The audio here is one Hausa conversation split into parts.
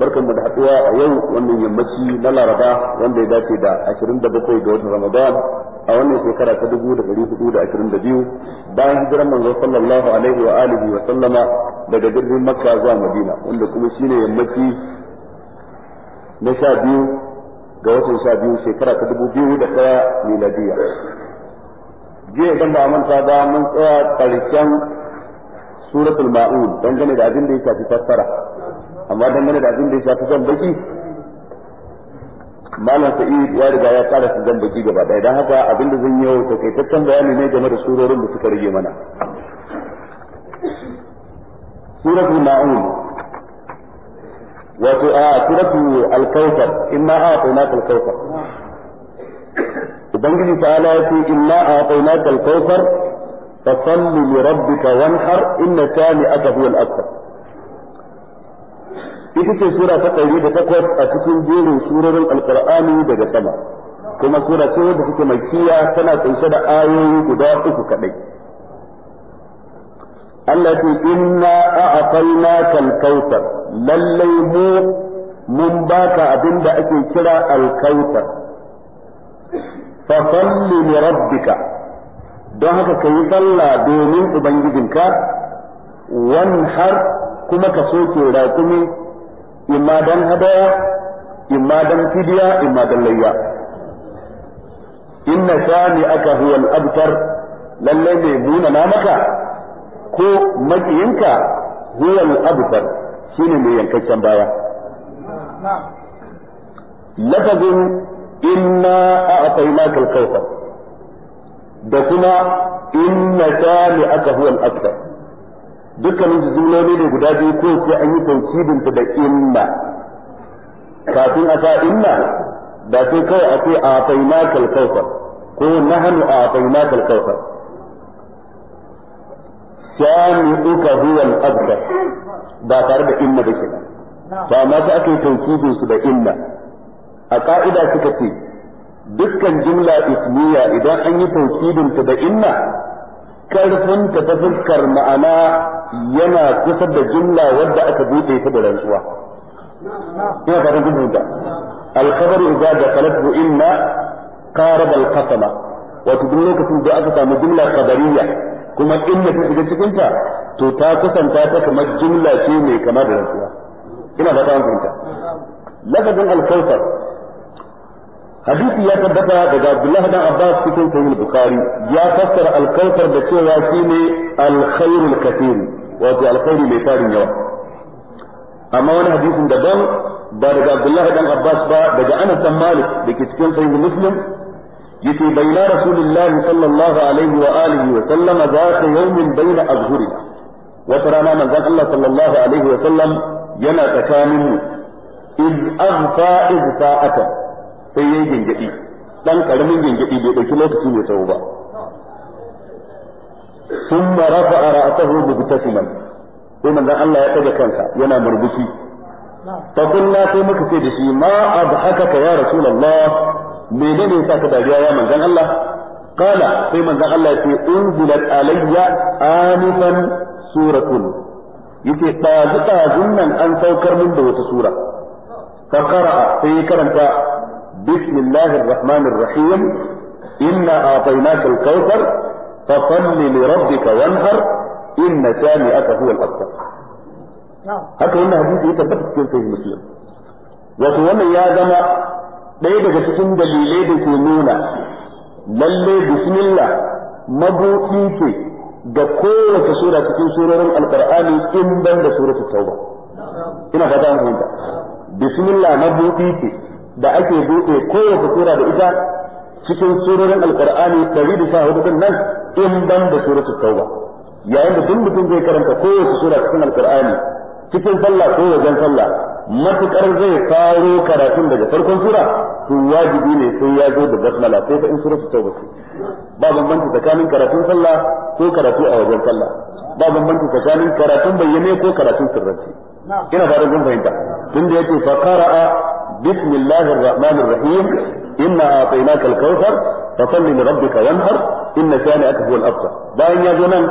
barkan mu da haduwa a yau wannan yammaci na laraba wanda ya dace da 27 ga watan ramadan a wannan shekara ta 2422 bayan hijiran manzo sallallahu alaihi wa alihi wa sallama daga birnin makka zuwa madina wanda kuma shine yammaci na sha biyu ga watan sha biyu shekara ta 2001 miladiya jiya idan ba manta ba mun tsaya karshen suratul ma'un dangane da abin da ya shafi fassara amma dangane da abin da ya shafi zan baki malam sa'id ya riga ya tsara su zan baki gaba ɗaya don haka abin da zan yi yau takaitaccen bayani ne game da surorin da suka rage mana suratul ma'un wato a suratul al-kautsar imma a tsauna al-kautsar ubangiji ta'ala ya ce imma a tsauna al-kautsar fa salli li rabbika wanhar inna shani'aka huwa al-akbar ita ce sura ta ɗari da takwas a cikin jerin surorin alkur'ani daga sama kuma sura ce wadda take makiya tana kunshe da ayoyi guda uku kaɗai Allah ce inna a'aqalna kal kautar lallai mu mun baka abin da ake kira alkautar fa salli li rabbika don haka kayi sallah domin ubangijinka wanhar kuma ka soke raƙumi imma dan hadaya imma dan fidiya imma dan layya inna shani aka huwa al-abtar lalle mai nuna na maka ko makiyinka huwa al-abtar shine mai yankakken baya lafazin inna a'tainaka al da kuma inna shani aka dukkanin su jumloli ne guda biyu ko sai an yi taukidin da inna kafin a sa inna da sai kawai a ce a faina kalkauta ko na hannu a faina kalkauta shami'uka huwa al-abda ba tare da inna da kenan ba ma sai aka yi taukidin su da inna a ka'ida suka ce dukkan jimla ismiya idan an yi taukidin da inna karfin ta ta fuskar ma'ana yana kusa da jumla wadda aka bude ta da rantsuwa ina fatan kun fahimta al-khabar idza dakhalathu inna qaraba al-qasama wato duk lokacin da aka samu jumla khabariya kuma inna ta shiga cikin ta to ta kusanta ta kamar jumla ce mai kama da rantsuwa ina fatan kun fahimta lafazin al-kawthar hadisi ya tabbata daga Abdullah dan Abbas cikin sahih Bukhari ya fassara al-kautsar da cewa shine al-khairul kathir wato alkhairi mai tarin yawa amma wani hadisin daban ba daga Abdullahi dan Abbas ba daga Anas dan Malik dake cikin sahih Muslim yace bayna rasulullah sallallahu alaihi wa alihi wa sallama zata yawmin bayna azhuri wata rana manzan Allah sallallahu alaihi wa sallam yana tsakanin mu iz aghfa iz sa'ata sai yayin gingidi dan karamin gingidi bai dauki lokaci mai tsawo ba ثم رفع رأسه مبتسما sai manzon Allah ya ɗaga kansa yana murmushi fa kunna sai muka ce da shi haka ka ya rasulullah menene yasa ka dariya ya manzon Allah qala sai manzon Allah ya ce unzilat alayya anifan suratun yace dazu dazun nan an saukar min da wata sura fa a sai ya karanta bismillahir rahmanir rahim inna a'tainaka al-kautsar fa salli li rabbika wanhar inna shani'aka huwa al-abtar haka wannan hadisi ya tabbata cikin sahih muslim wato wannan ya zama ɗaya daga cikin dalilai da ke nuna lalle bismillah mabuɗi ce ga kowace sura cikin surorin alqur'ani in ban da suratul tauba ina fata an fahimta bismillah mabuɗi ce da ake buɗe kowace sura da ita cikin surorin alqur'ani 114 din nan in ban da suratul tauba yayin da duk mutum zai karanta kowace sura cikin alqur'ani cikin sallah ko wajen sallah matukar zai faro karatun daga farkon sura to wajibi ne sai ya zo da basmala ko ta in suratul tauba ce ba bambanci tsakanin karatun sallah ko karatu a wajen sallah ba bambanci tsakanin karatun bayyane ko karatun sirrance ina fara kun fahimta tun tunda yake fa qara'a بسم الله الرحمن الرحيم إنا أعطيناك الكوثر فصل لربك وانهر إن شانئك هو الأبصر باين يا جنان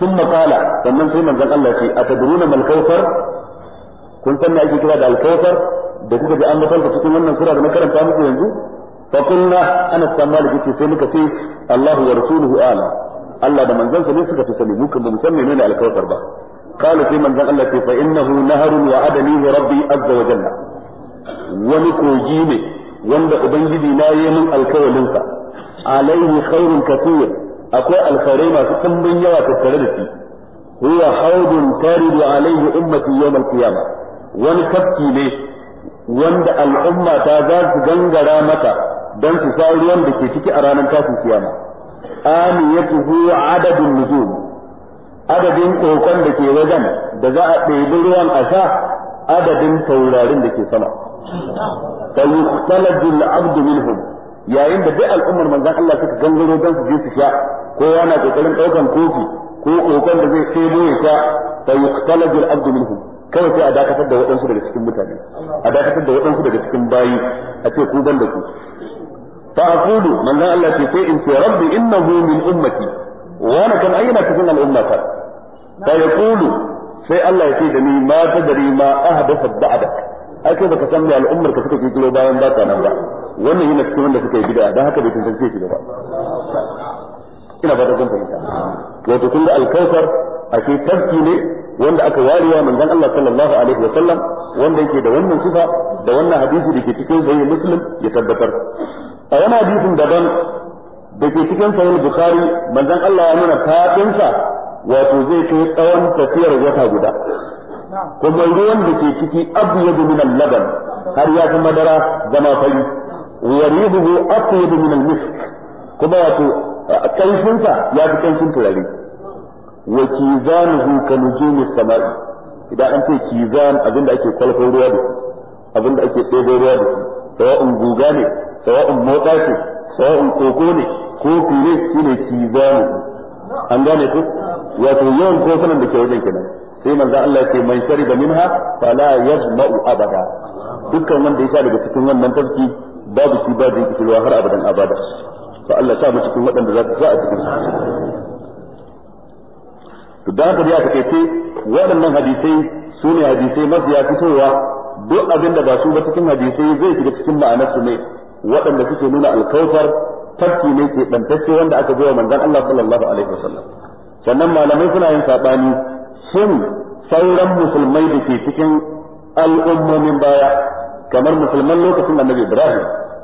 ثم قال sannan sai manzon Allah ce atadruna mal kautsar kun san me ake kira da al kautsar da kuka ji an mutunta cikin wannan sura da na karanta muku yanzu fa kunna ana tsammali kike sai muka ce Allahu wa rasuluhu ala Allah da manzon sa suka fi ba قال في من ذا فإنه نهر وعدنيه ربي عز وجل wani kogi ne wanda ubangiji na yi min alkawalinsa alaihi khairun kathir akwai alkhairai masu tambin yawa tattare da shi huwa haudun taridu alaihi ummati yawm alqiyama wani tafki ne wanda al'umma ta za su gangara mata don su sa ruwan da ke ciki a ranar tashin kiyama huwa adadun nujum adadin kokon da ke wajen da za a ɗebi ruwan a sha adadin taurarin da ke sama fa yukhtalaju al-abd yayin da duk al'ummar manzon Allah suka gangaro dan su je su sha na kokarin daukan kofi ko kokon da zai tsebo ya kawai sai a dakatar da waɗansu daga cikin mutane a dakatar da waɗansu daga cikin bayi a ce ku ban da ku fa aqulu manzon Allah ce sai in ce rabbi innahu min ummati wa ana kan ayyana cikin al'ummata fa yaqulu sai Allah ya ce da ni ma tadri ma ahdatha ba'dak ai kai baka san me al'ummar ka suka kikiro bayan baka nan ba wannan yana cikin wanda suka yi bid'a dan haka bai tantance shi ba ina ba da kun fahimta wato kun ga alkausar ashe tafki ne wanda aka warewa manzon Allah sallallahu alaihi wa sallam wanda yake da wannan sifa da wannan hadisi da ke cikin sahih muslim ya tabbatar a wani hadisin daban da ke cikin sahih bukhari manzon Allah ya nuna fadinsa wato zai kai tsawon tafiyar wata guda kuma ruwan da ke ciki abu min al-laban har ya fi madara zama fari wa rihuhu abyadu min al-misk kuma wato kanshin ta ya fi kanshin turare wa kizanuhu ka nujumi samai idan an ce kizan abinda ake kwalfa ruwa da abinda ake ɗebo ruwa da sawa'un guga ne sawa'un motsa ce sawa'un koko ne ko shi shine kizanuhu an gane ku wato yawan kofunan da ke wajen kenan sai manzo Allah ya ce man shariba minha fala yazma'u abada dukkan wanda ya sha daga cikin wannan tafki babu shi ba jinki ruwa har abadan abada to Allah sa mu cikin waɗanda za su sa a cikin to da haka ya sai waɗannan hadisai su ne hadisai mafiya fitowa duk abin da ba su ba cikin hadisai zai shiga cikin ma'anar su ne waɗanda suke nuna alkautar tafki ne ke bantacce wanda aka zo wa manzon Allah sallallahu alaihi wasallam sannan malamai suna yin sabani shin sauran musulmai da ke cikin al'ummomin baya kamar musulman lokacin annabi Ibrahim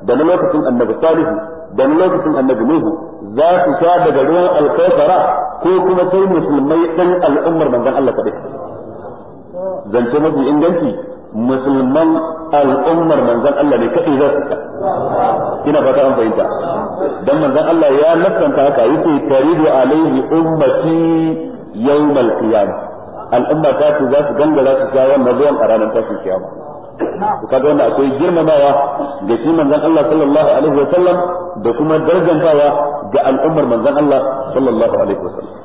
da na lokacin annabi Salihu da na lokacin annabi Nuhu za su sha daga ruwan alkautara ko kuma sai musulmai ɗan al'ummar manzon Allah kaɗai zance mafi inganci musulman al'ummar manzon Allah ne kaɗai za su ka ina fata an fahimta dan manzon Allah ya nassanta haka yake taridu alaihi ummati yawmal qiyamah al'umma ta ce za su gangara su sha wannan ruwan a ranar tashin kiyama to kaga wanda akwai girmamawa ga shi manzon Allah sallallahu alaihi wa sallam da kuma darajantawa ga al'ummar manzon Allah sallallahu alaihi wa sallam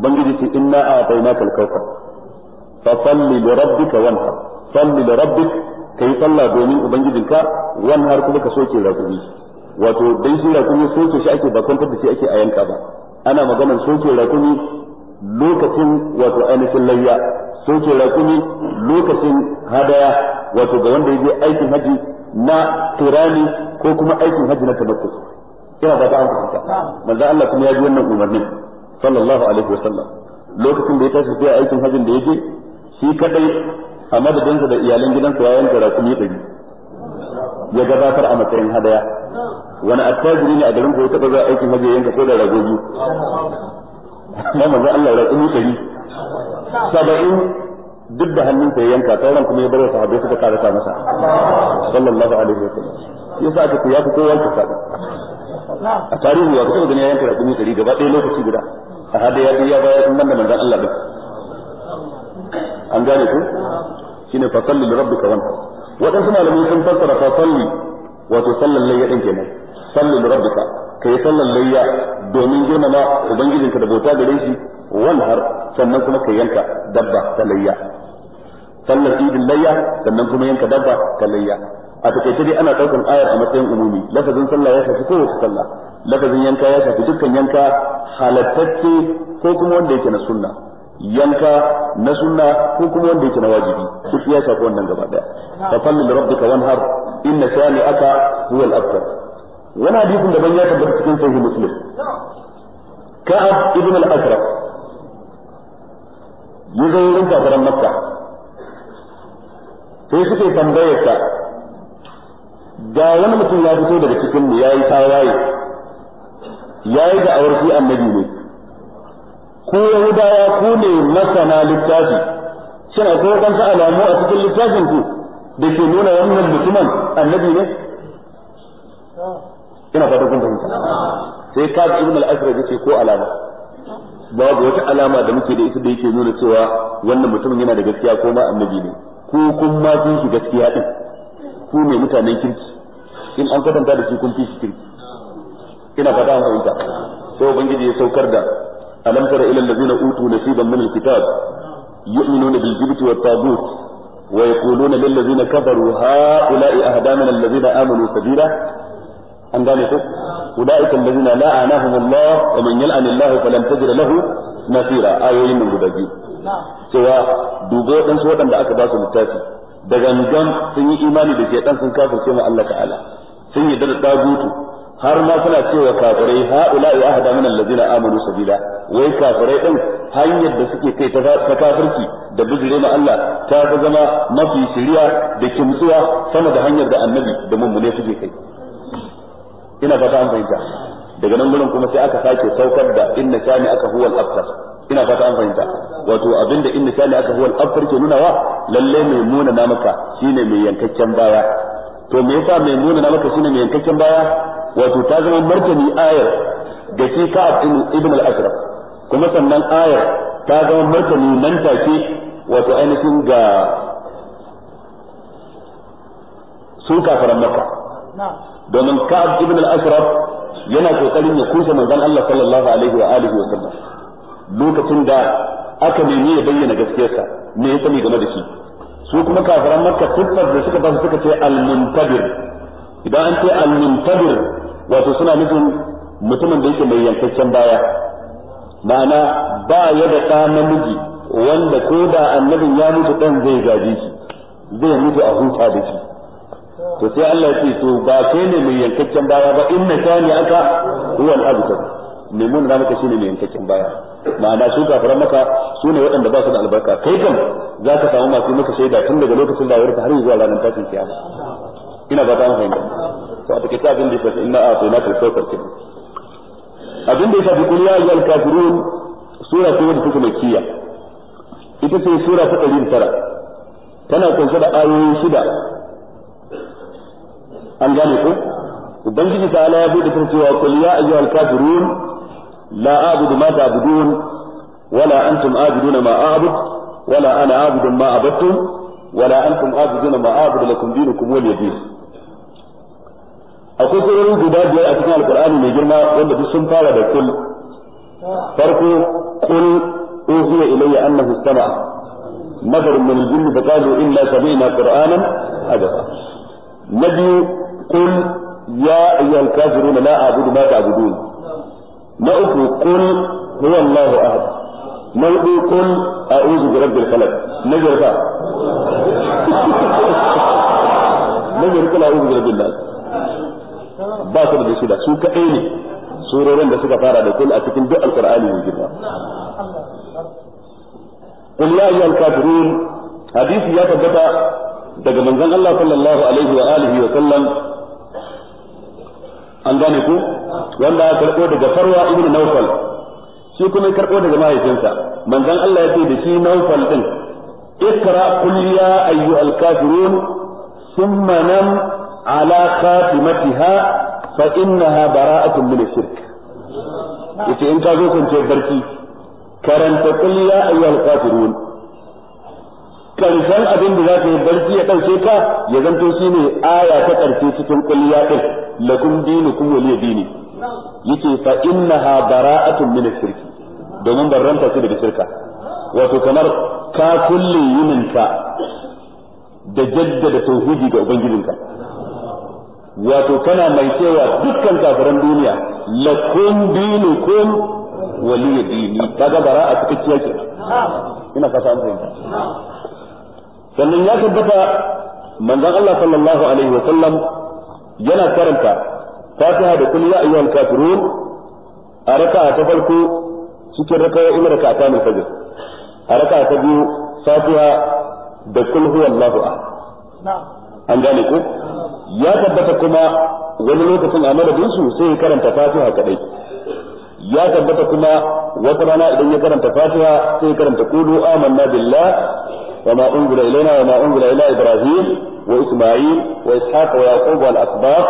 ubangiji ce inna a'tainaka al-kawthar fa salli li rabbika wanhar salli li rabbik kai sallah domin ubangijinka wanhar kuma ka soke rakumi wato dai shi rakumi soke shi ake ba kwantar da shi ake a yanka ba ana maganar soke rakumi lokacin wato ainihin layya ce rakumi lokacin hadaya wato ga wanda yaje aikin haji na turani ko kuma aikin haji na tamattu ina ba ta an fahimta manzo Allah kuma ya ji wannan umarnin sallallahu alaihi wasallam lokacin da ya tashi zuwa aikin hajin da yake shi kadai a madadin da iyalan gidansa ya yanka rakumi ɗari ya gabatar a matsayin hadaya wani attajiri ne a garin ko ya taɓa zuwa aikin hajji yanka ko da ragogi sai manzo Allah ya kuma dari saba'in duk da hannun ya yanka sauran kuma ya bar sahabbai suka karata masa sallallahu alaihi wasallam yasa aka ya fi kowa kisa a tarihi ya kusa gani ya yanka rakumi dari gaba ɗaya lokaci guda a hada ya biya baya sun manna manzon Allah din an gane ku shine fa salli li rabbika wanta wadansu malamai sun fassara fa salli wato sallan layya din kenan sallu rabbika kai sallan layya domin girmama ubangijinka da bauta gare shi wanhar sannan kuma kai yanka dabba ta layya sallar idin layya sannan kuma yanka dabba ta layya a takaice dai ana daukan ayar a matsayin umumi lafazin sallah ya shafi kowace sallah lafazin yanka ya shafi dukkan yanka halattacce ko kuma wanda yake na sunna yanka na sunna ko kuma wanda yake na wajibi duk ya shafi wannan gaba daya fa salli li rabbika wanhar inna shani'aka huwal abtar wani hadisin daban ya tabbata cikin sahih muslim ka'ab ibn al-ashraf yuzo yin kafiran makka sai suke tambayar ka ga wani mutum ya fito daga cikin mu yayi tawaye yayi da awarki annabi ne ko yahudawa ko ne masana littafi shin akwai wadansu alamu a cikin littafin ku da ke nuna wannan mutumin annabi ne ina fata kun fahimta sai ka ibn al-asrad yace ko alama babu wata alama da muke da ita da yake nuna cewa wannan mutumin yana da gaskiya ko ma annabi ne ko kun ma kun shi gaskiya din ku ne mutanen kirki in an kwatanta da shi kun fi shi kirki ina fata an fahimta sai ubangiji ya saukar da alam tara ila allazina utu nasiban min alkitab yu'minuna bil jibti wat tagut wa yaquluna lil ladzina kafaru ha'ula'i ahda min allazina amanu sabila an gane ko ulaika allazina la'anahum Allah wa man yal'an Allah falan lahu nasira ayoyin nan guda biyu cewa dubo dan su wadanda aka ba su littafi da gangan sun yi imani da shedan sun kafirce mu Allah ta'ala sun yi dadda dagutu har ma suna cewa kafirai ha'ula'i ahada min allazina amanu sabila wai kafirai din hanyar da suke kai ta kafirci da bijire na Allah ta zama mafi shiriya da kimtsuwa sama da hanyar da annabi da mummune suke kai ina fata an fahimta daga nan gurin kuma sai aka sake saukar da inna shani aka huwal abtar ina fata an fahimta wato abinda inna shani aka huwal abtar ke nuna wa lalle mai muna na maka shine mai yankakken baya to me yasa mai muna na maka shine mai yankakken baya wato ta zama martani ayar da shi ka'ab ibn al-ashraf kuma sannan ayar ta zama martani nan take wato ainihin ga su kafaran maka domin ka'ab ibn al-ashraf yana kokarin ya kusa manzon Allah sallallahu alaihi wa alihi wa sallam lokacin da aka nemi ya bayyana gaskiyarsa me ya sani game da shi su kuma kafiran makka tuffar da suka basu suka ce al-muntabir idan an ce al-muntabir wato suna nufin mutumin da yake mai yankakken baya ma'ana ba ya da ɗa namiji wanda ko da annabin ya mutu ɗan zai gaji shi zai mutu a huta da shi to sai Allah ce to ba kai ne mai yankakken baya ba inna shani aka huwa al-abtar mai mun na maka shine mai yankakken baya ma'ana su kafaran maka su ne waɗanda ba su da albarka kai kan za ka samu masu maka shaida tun daga lokacin da ka har zuwa ranar tashin kiyama ina ba ta an fahimta to a take ta abin da ya shafi inna a sai na kalkautar kin abin da ya shafi kullu ya ayyuhal kafirun sura ta wadda take makkiya ita ce sura ta 109 tana kunshe da ayoyi shida an gane ko ubangiji ta ala ya bude kan cewa qul ya ayyuhal kafirun la a'budu ma ta'budun wala antum a'buduna ma a'bud wala ana a'budu ma abattum wala antum a'buduna ma a'budu lakum dinukum waliya din akwai surorin guda biyar a cikin alkur'ani mai girma wanda duk sun fara da kul farko kul uhiya ilayya annahu sama'a نفر من الجن فقالوا إنا سمعنا قرآنا na biyu. qul ya ayyuhal kafirun la a'budu ma ta'budun na uku qul huwa Allahu ahad na hudu qul a'udhu bi rabbil falaq na jarfa na jarfa a'udhu bi rabbil nas ba su da da suka fara da kul a cikin duk alqur'ani mai girma قل يا أيها الكافرون حديث يا تبتا daga manzon Allah sallallahu alaihi wa alihi wa sallam an gane ku wanda ya karɓo daga farwa ibn nawfal shi kuma ya karɓo daga mahaifinsa manzon Allah ya ce da shi nawfal din ikra qul ya ayyuhal kafirun thumma nam ala khatimatiha fa innaha bara'atun min shirk yace in ka zo kun ce karanta qul ya ayyuhal karshen abin da za ka yi barci ya ɗauke ka ya zanto shi ne aya ta ƙarshe cikin kulliya ɗin lakum dinukum waliya dini yake fa ha bara'atun min shirki domin barranta su daga shirka wato kamar ka kulle yininka da jaddada tauhidi ga ubangijinka wato kana mai cewa dukkan kafiran duniya lakum kun waliya dini kaga bara'a cikakken kenan ina fata an fahimta sannan ya tabbata manzon Allah sallallahu alaihi wa sallam yana karanta Fatiha da kul ya ayyuhal kafirun a raka'a ta farko cikin raka'o'in raka'ata min fajr a raka'a ta biyu Fatiha da kul huwallahu ahad an gane ku ya tabbata kuma wani lokacin a madadinsu sai ya karanta fatiha kadai ya tabbata kuma wata rana idan ya karanta fatiha sai ya karanta qulu amanna billah وما أنزل إلينا وما أنزل إلى إبراهيم وإسماعيل وإسحاق ويعقوب والأسباط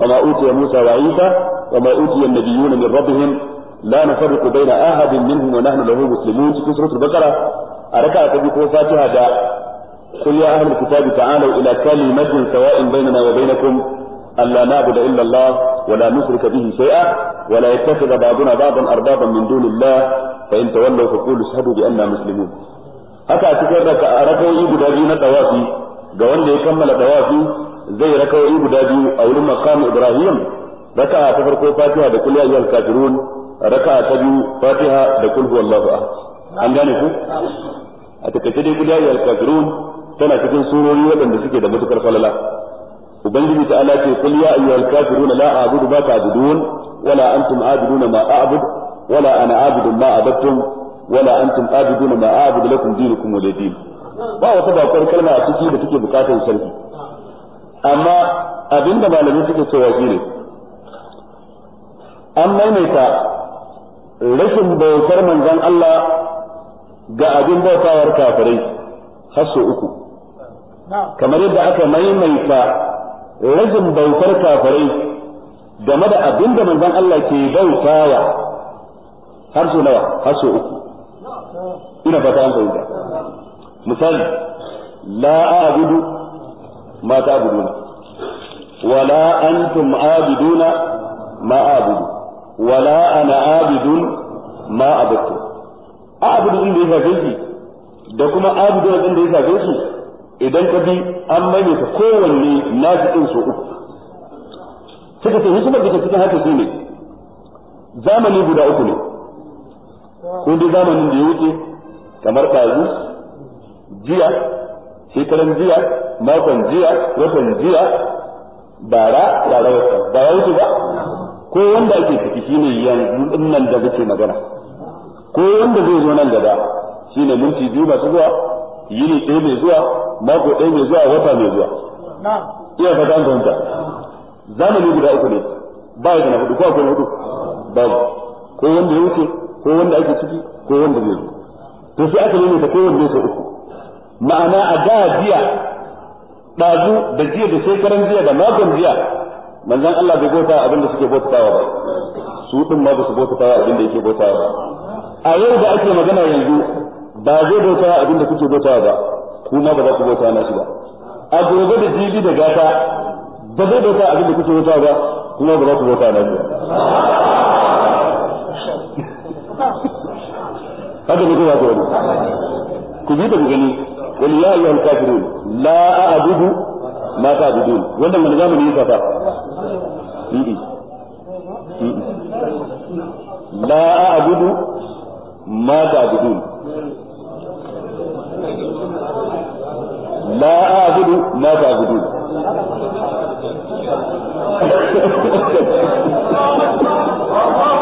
وما أوتي موسى وعيسى وما أوتي النبيون من ربهم لا نفرق بين أحد منهم ونحن له مسلمون في سورة البقرة أركع تبقوا فاتحة دا قل يا أهل الكتاب تعالوا إلى كلمة سواء بيننا وبينكم ألا نعبد إلا الله ولا نشرك به شيئا ولا يتخذ بعضنا بعضا أربابا من دون الله فإن تولوا فقولوا اشهدوا بأننا مسلمون haka a cikin rakawoyi guda biyu na tawafi ga wanda ya kammala tawafi zai rakawoyi guda biyu a wurin makamu ibrahim raka'a ta farko fatiha da kulli ayyuhal kafirun raka'a ta biyu fatiha da kulhu huwallahu ahad an gane ku a takaice dai kulli ayyuhal kafirun tana cikin surori waɗanda suke da matukar falala ubangiji ta ala ce kul ya ayyuhal kafiruna la a'budu ma ta'budun wala antum a'buduna ma a'bud wala ana a'budu ma abattum wala antum abiduna ma a'budu lakum dinukum wa din ba wata bakar kalma a ciki da take bukatar sarki amma abinda malamai suke cewa shine an maimaita rashin bautar manzon Allah ga abin bautawar kafirai har sau uku kamar yadda aka maimaita rashin bautar kafirai game da abin da manzon Allah ke bautaya har sau nawa har sau uku ina fata an fahimta misali la a'budu ma ta'buduna wala antum a'buduna ma a'budu wala ana a'budun ma a'budu a'budu din da ya shafe da kuma a'budu din da ya shafe shi idan ka bi an ta kowanne nasu din so uku suka ce hikimar da ke cikin haka shine zamani guda uku ne ko dai zamanin da ya wuce kamar ɗazu jiya shekaran jiya makon jiya watan jiya bara bara wata ba ya wuce ba ko wanda ake ciki shine yanzu din nan da muke magana ko wanda zai zo nan gaba shine minti biyu masu zuwa yini ɗaya mai zuwa mako ɗaya mai zuwa wata mai zuwa iya fata an fahimta zamani guda uku ne ba ya da na hudu ko akwai na hudu ba ko wanda ya wuce ko wanda ake ciki ko wanda zai zo to sai aka nuna ta kowanne sau uku ma'ana a da jiya dazu da jiya da shekaran jiya da makon jiya manzon Allah bai gota abin da suke bautawa ba su din ma ba su bautawa abin da yake bautawa ba a yau da ake magana yanzu ba zai bautawa abin da kuke bautawa ba kuma ba za ku bota na shi ba a gobe da jibi da gata ba zai bauta abin da kuke bautawa ba kuma ba za ku bota na shi ba haka ne kuma wani ku bi da ku gani qul ya ayyuhal kafirun la a'budu ma ta'budun wannan wani zamani yasa fa la a'budu ma ta'budun la a'budu ma ta'budun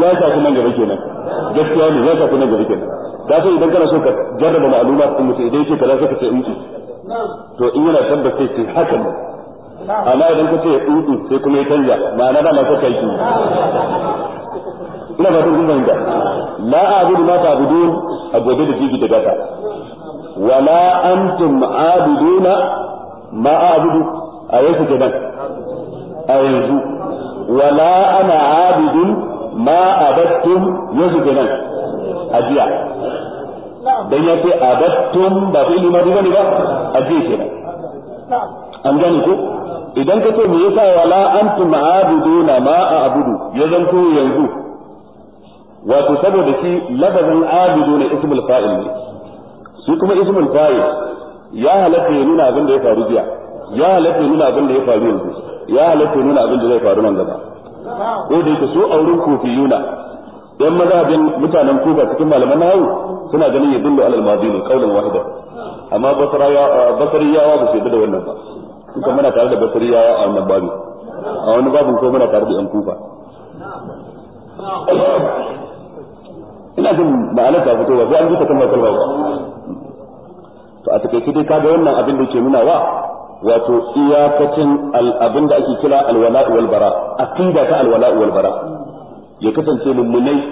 ya shafi nan gaba kenan gaskiya ne ya shafi nan gaba kenan ka sai idan kana so ka jarraba ma'aluma din mutum idan yake kaza sai ka ce inci to in yana tabbata sai haka ne amma idan ka ce in sai kuma ya canja ma'ana da ma ka yi ina ba tun zan ga la a'budu ma ta'budun a gobe da jiki da gata wala antum a'buduna ma a'budu a yau kenan a yanzu wala ana a'budun ma abattum yanzu kenan ajiya dan ya ce abattum ba fi limadi bane ba ajiya kenan an gane ko idan ka ce me yasa wala antum aabuduna ma a'budu ya zan zanto yanzu wato saboda shi labazin abiduna ismul fa'il ne shi kuma ismul fa'il ya halatta ya nuna abin da ya faru jiya ya halatta ya nuna abin da ya faru yanzu ya halatta ya nuna abin da zai faru nan gaba ko da yake so a wurin kufiyuna yan mazabin mutanen kofa cikin malaman nahawu suna ganin ya dillu alal madini kaulan wahida amma basari basariyawa ba su yadda da wannan ba suka muna tare da basariyawa a wannan babu a wani babin ko muna tare da yan kofa ina jin ma'anar ta fito ba sai an ji ta kuma makalma ba to a take dai kaga wannan abin da ke nuna wa wato iyakacin abin da ake kira alwala wal bara aqida ta alwala wal bara ya kasance mummunai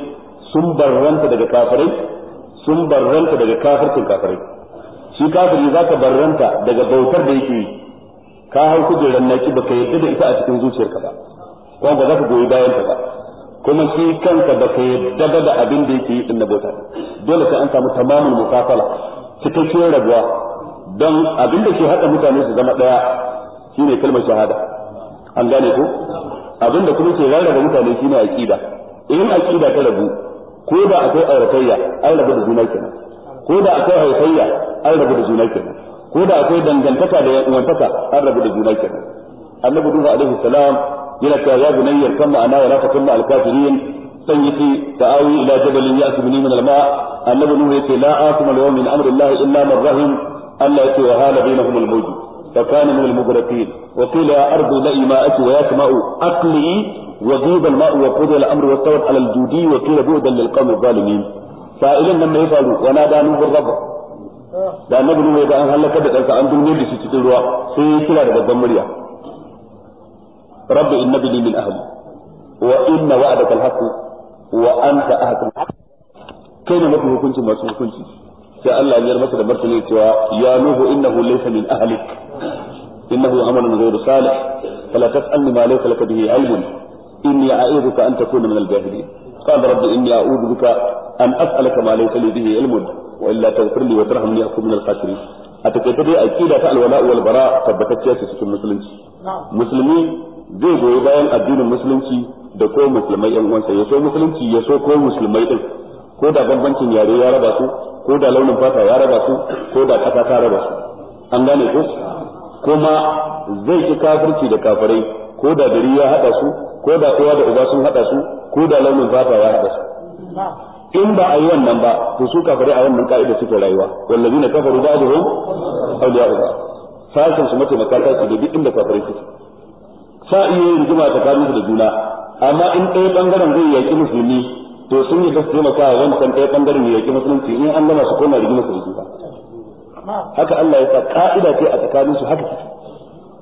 sun barranta daga kafirai sun barranta daga kafircin kafirai shi kafiri zaka barranta daga bautar da yake ka hau kujerar naki baka yadda da ita a cikin zuciyarka ba kuma ba za ka goyi bayan ta ba kuma shi kanka baka yadda ba da abin da yake yi din na bauta dole sai an samu tamamul mukafala cikakken rabuwa don abin da ke haɗa mutane su zama ɗaya shine kalmar shahada an gane ko abin da kuma ke rarraba mutane shine aqida in aqida ta rabu ko da akwai aurataya an rabu da juna kenan ko da akwai haifayya an rabu da juna kenan ko da akwai dangantaka da yan'uwantaka an rabu da juna kenan annabi duhu alaihi salam yana cewa ya bunayya kan ma'ana wa la takunna al-kafirin سيدي تآوي إلى ila jabalin من min النبي نوح لا آثم اليوم من أمر الله إلا illa رحم Allah yake wa hala bainahum al-mawj فكان من المغرقين وقيل يا أرض لئي ماءك ويا سماء أقلي وغيب الماء وقضي الأمر واستوت على الجودي وقيل بعدا للقوم الظالمين فإلى لما يفعلوا ونادى نوح الرب da annabi ne ga an halaka da kansa an dunne da shi cikin ruwa sai ya kira da babban murya rabbi inna bi min ahli wa inna wa'adaka al-haqq wa anta ahadul haqq kai ne mafi hukunci masu hukunci sai Allah ya masa da martani cewa ya nuhu innahu laysa min ahlik innahu amalun ghayru salih fala tas'alni ma laysa laka bihi ilmun inni an takuna min al-jahilin qala rabbi inni bika an ma laysa li bihi ilmun wa illa taghfir li wa tarhamni akun min al-khasirin a takaita dai aqida ta alwala wal bara tabbatacciya ce cikin musulunci musulmi zai goyi bayan addinin musulunci da ko musulmai yan uwansa ya so musulunci ya so ko musulmai din ko da bambancin yare ya raba su ko da launin fata ya raba su ko da ƙasa ta raba su an gane ko kuma zai ki kafirci da kafirai ko da dari ya haɗa su ko da kowa da uba sun haɗa su ko da launin fata ya haɗa su in ba a yi wannan ba to su kafirai a wannan ka'ida suke rayuwa wallazina kafaru ba'dhum awliya'u ba sashin su mataimaka ta su duk inda kafirai suke sa iya yin ta tsakanin da juna amma in ɗaya bangaren zai yaki musulmi to sun yi da su taimaka wa wancan ɗaya ɓangaren ya yaki musulunci in an gama su koma rigima su rigima haka Allah ya sa ka'ida ce a tsakanin su haka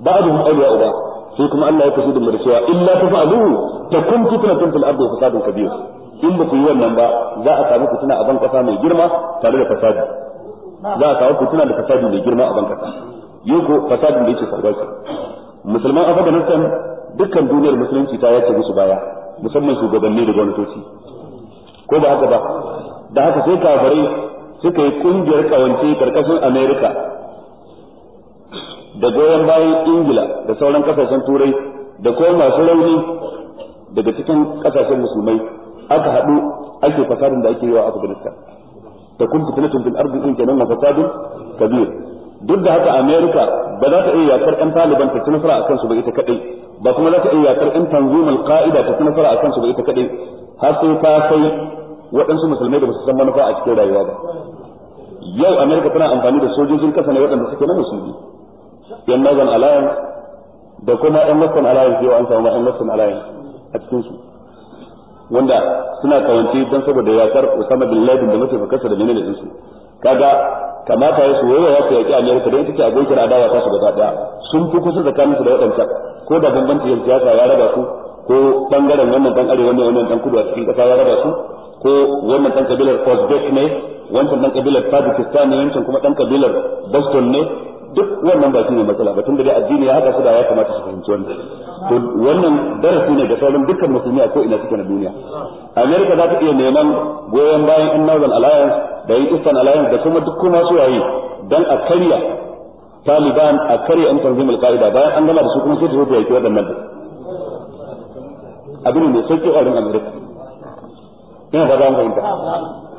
ba a ba'dhum awliya uba sai kuma Allah ya kasu da mu da cewa illa tafa'aluhu takun fitnatun fil ardi fasadun kabir in ba ku yi wannan ba za a samu fitina a ban kasa mai girma tare da fasadi za a samu fitina da fasadi mai girma a ban kasa yiko fasadin da yake faruwa ke musulman afganistan dukkan duniyar musulunci ta yace musu baya musamman shugabanni da gwamnatoci ko ba haka ba da haka sai kafirai suka yi kungiyar kawance karkashin america da goyon bayan ingila da sauran kasashen turai da kuma masu rauni daga cikin kasashen musulmai aka haɗu ake fasadin da ake yi wa afghanistan da kun fitnatun fil ardi in kenan fasadin kabir duk da haka america ba za ta iya yakar yan taliban ta ci nasara akan su ba ita kadai ba kuma za ta iya yakar in tanzumul qa'ida ta kuma fara a kansu ba ita kadai har sai ta kai waɗansu musulmai da ba su san manufa a cikin rayuwa ba yau america tana amfani da sojojin kasa ne waɗanda suke na musulmi yan northern alliance da kuma yan western alliance yau an samu yan western alliance a cikin su wanda suna kawance don saboda yakar Osama bin Laden da mataimakarsa da menene din su kaga kamata ya su wayewa ya su yaƙi amerika don ita ce abokin adawa ta su gaba ɗaya sun fi kusa tsakanin su da waɗancan ko da bambancin siyasa ya raba su ko bangaren wannan dan arewa ne wannan dan kudu a cikin ƙasa ya raba su ko wannan dan kabilar Uzbek ne wancan dan kabilar Tajikistan ne wancan kuma dan kabilar Boston ne duk wannan ba shine matsala ba tun dai addini ya haka su da ya kamata su fahimci wannan to wannan darasi ne ga sauran dukkan musulmi a ko ina suke na duniya America za ta iya neman goyon bayan in Northern Alliance da yin Eastern Alliance da kuma duk kuma su yayi dan a karya Taliban a karya an tanzimul qaida bayan an gama da su kuma sai su zo yaki waɗannan abin ne sai ke ƙwarin America ina ba za mu fahimta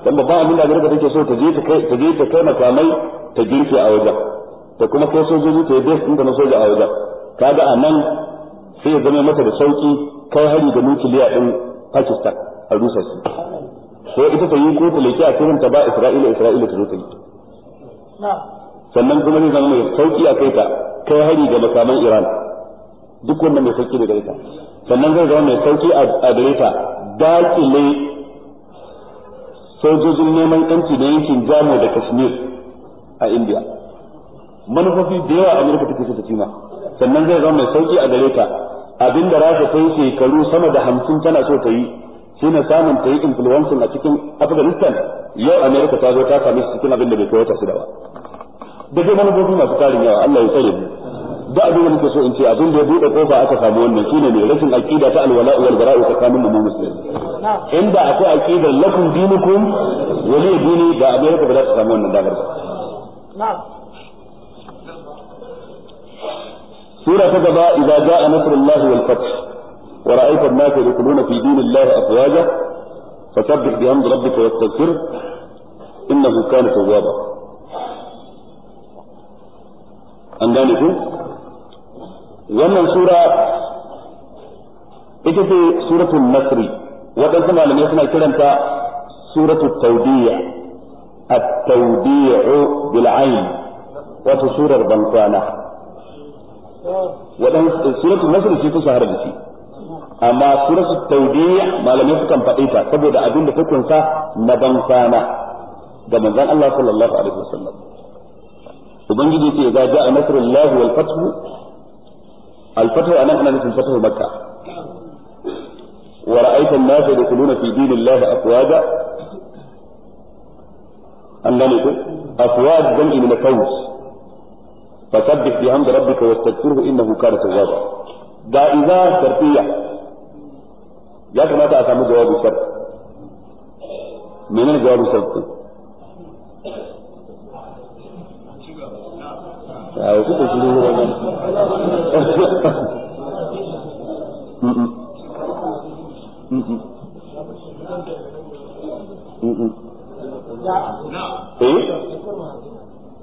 dan babban abin da America take so ta je ta kai ta je ta kai makamai ta girke a wajen da kuma sai sojoji ta yi bes ɗin da na soja a wajen kaga a nan sai ya zama mata da sauki kai hari da nukiliya ɗin Pakistan a rusa su ko ita ta yi ko ta leke a ta ba Isra'ila Isra'ila ta zo ta yi sannan kuma zai zama mai sauki a kai ta kai hari da makaman Iran duk wanda mai sauki da gare ta sannan zai zama mai sauki a gare ta dakile sojojin neman yanci da yankin Jammu da Kashmir a India manufofi da yawa Amurka take so ta cima sannan zai zama mai sauki a gare ta abinda Rasha ta yi shekaru sama da hamsin tana so ta yi shine samun ta yi influencing a cikin Afghanistan yau Amurka ta zo ta sami cikin abinda da bai kai wata shida ba da dai manufofi masu tarin yawa Allah ya tsare mu da abin da muke so in ce abin da ya bude kofa aka samu wannan shine ne rashin aqida ta alwala wal bara'u tsakanin mu musulmi inda akwai aqidar lakum dinukum wali dini da abin da ba za ta samu wannan damar ba سورة كذا إذا جاء نصر الله والفتح ورأيت الناس يدخلون في دين الله أفواجا فسبح بحمد ربك واستغفر إنه كان توابا أن ذلك وأن سورة إجت سورة النصر وقد سمع لم يسمع كلمة سورة التوديع التوديع بالعين وتسورة البنطانة wadan suratul nasr ce ta shahara da shi amma suratul tawdi' malamai sukan faɗe ta saboda abin da take kunsa na ban sana ga manzon Allah sallallahu alaihi wasallam ubangiji ce ga ja'a nasrullahi wal fath al fath anan ana nufin fathu makka wa ra'aita an-nas yadkhuluna fi dinillahi afwaja an ne ko afwaj jam'i min fasabbih bihamdi rabbika wastaghfirhu innahu kana tawwaba ga idza shartiyya ya kamata a samu jawabi shart menene jawabi shart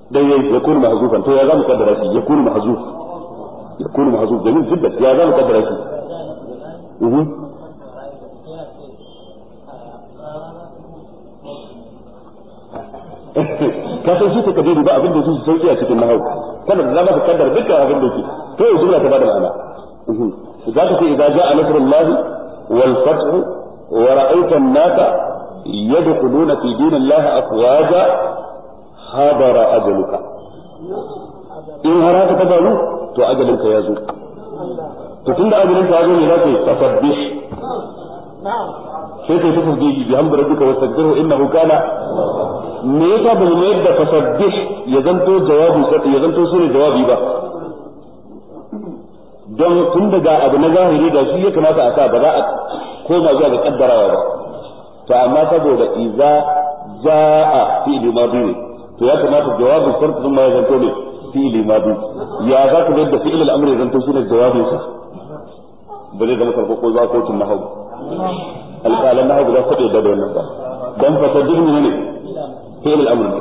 dan yayi yakun mahzufan to ya zamu kaddara shi yakun mahzuf yakun mahzuf jamil jiddan ya zamu kaddara shi uhu ka san shi takdiri ba abin da su sauki a cikin nahawu kana da zama ka kaddara dukkan abin da ke to yanzu na ta bada ma'ana uhu za ka ce idan ja'a nasrullahi wal fath ورأيت الناس يدخلون في دين الله أفواجا hadara ajaluka in har haka ta faru to ajalinka ya zo to tunda ajalinka ya zo ne za ka yi tasabbish sai kai tafi gigi bi hamdu rabbika wastaghfiru innahu kana me yasa ba mu yadda tasabbih ya zanto jawabi sai ya zanto sune jawabi ba don tun daga abu na zahiri da shi ya kamata a sa ba za a koma zuwa ga kaddarawa ba to amma saboda iza a fi madi ne to ya kamata jawabin farko sun ma ya zanto ne fi'ili madi ya za ka da fi'il al'amri ya zanto shine jawabin sa ba zai zama farko ko za ko tun nahawu alƙalan nahawu za su faɗi da wannan ba dan fasa dirmi ne fi'il al'amri ne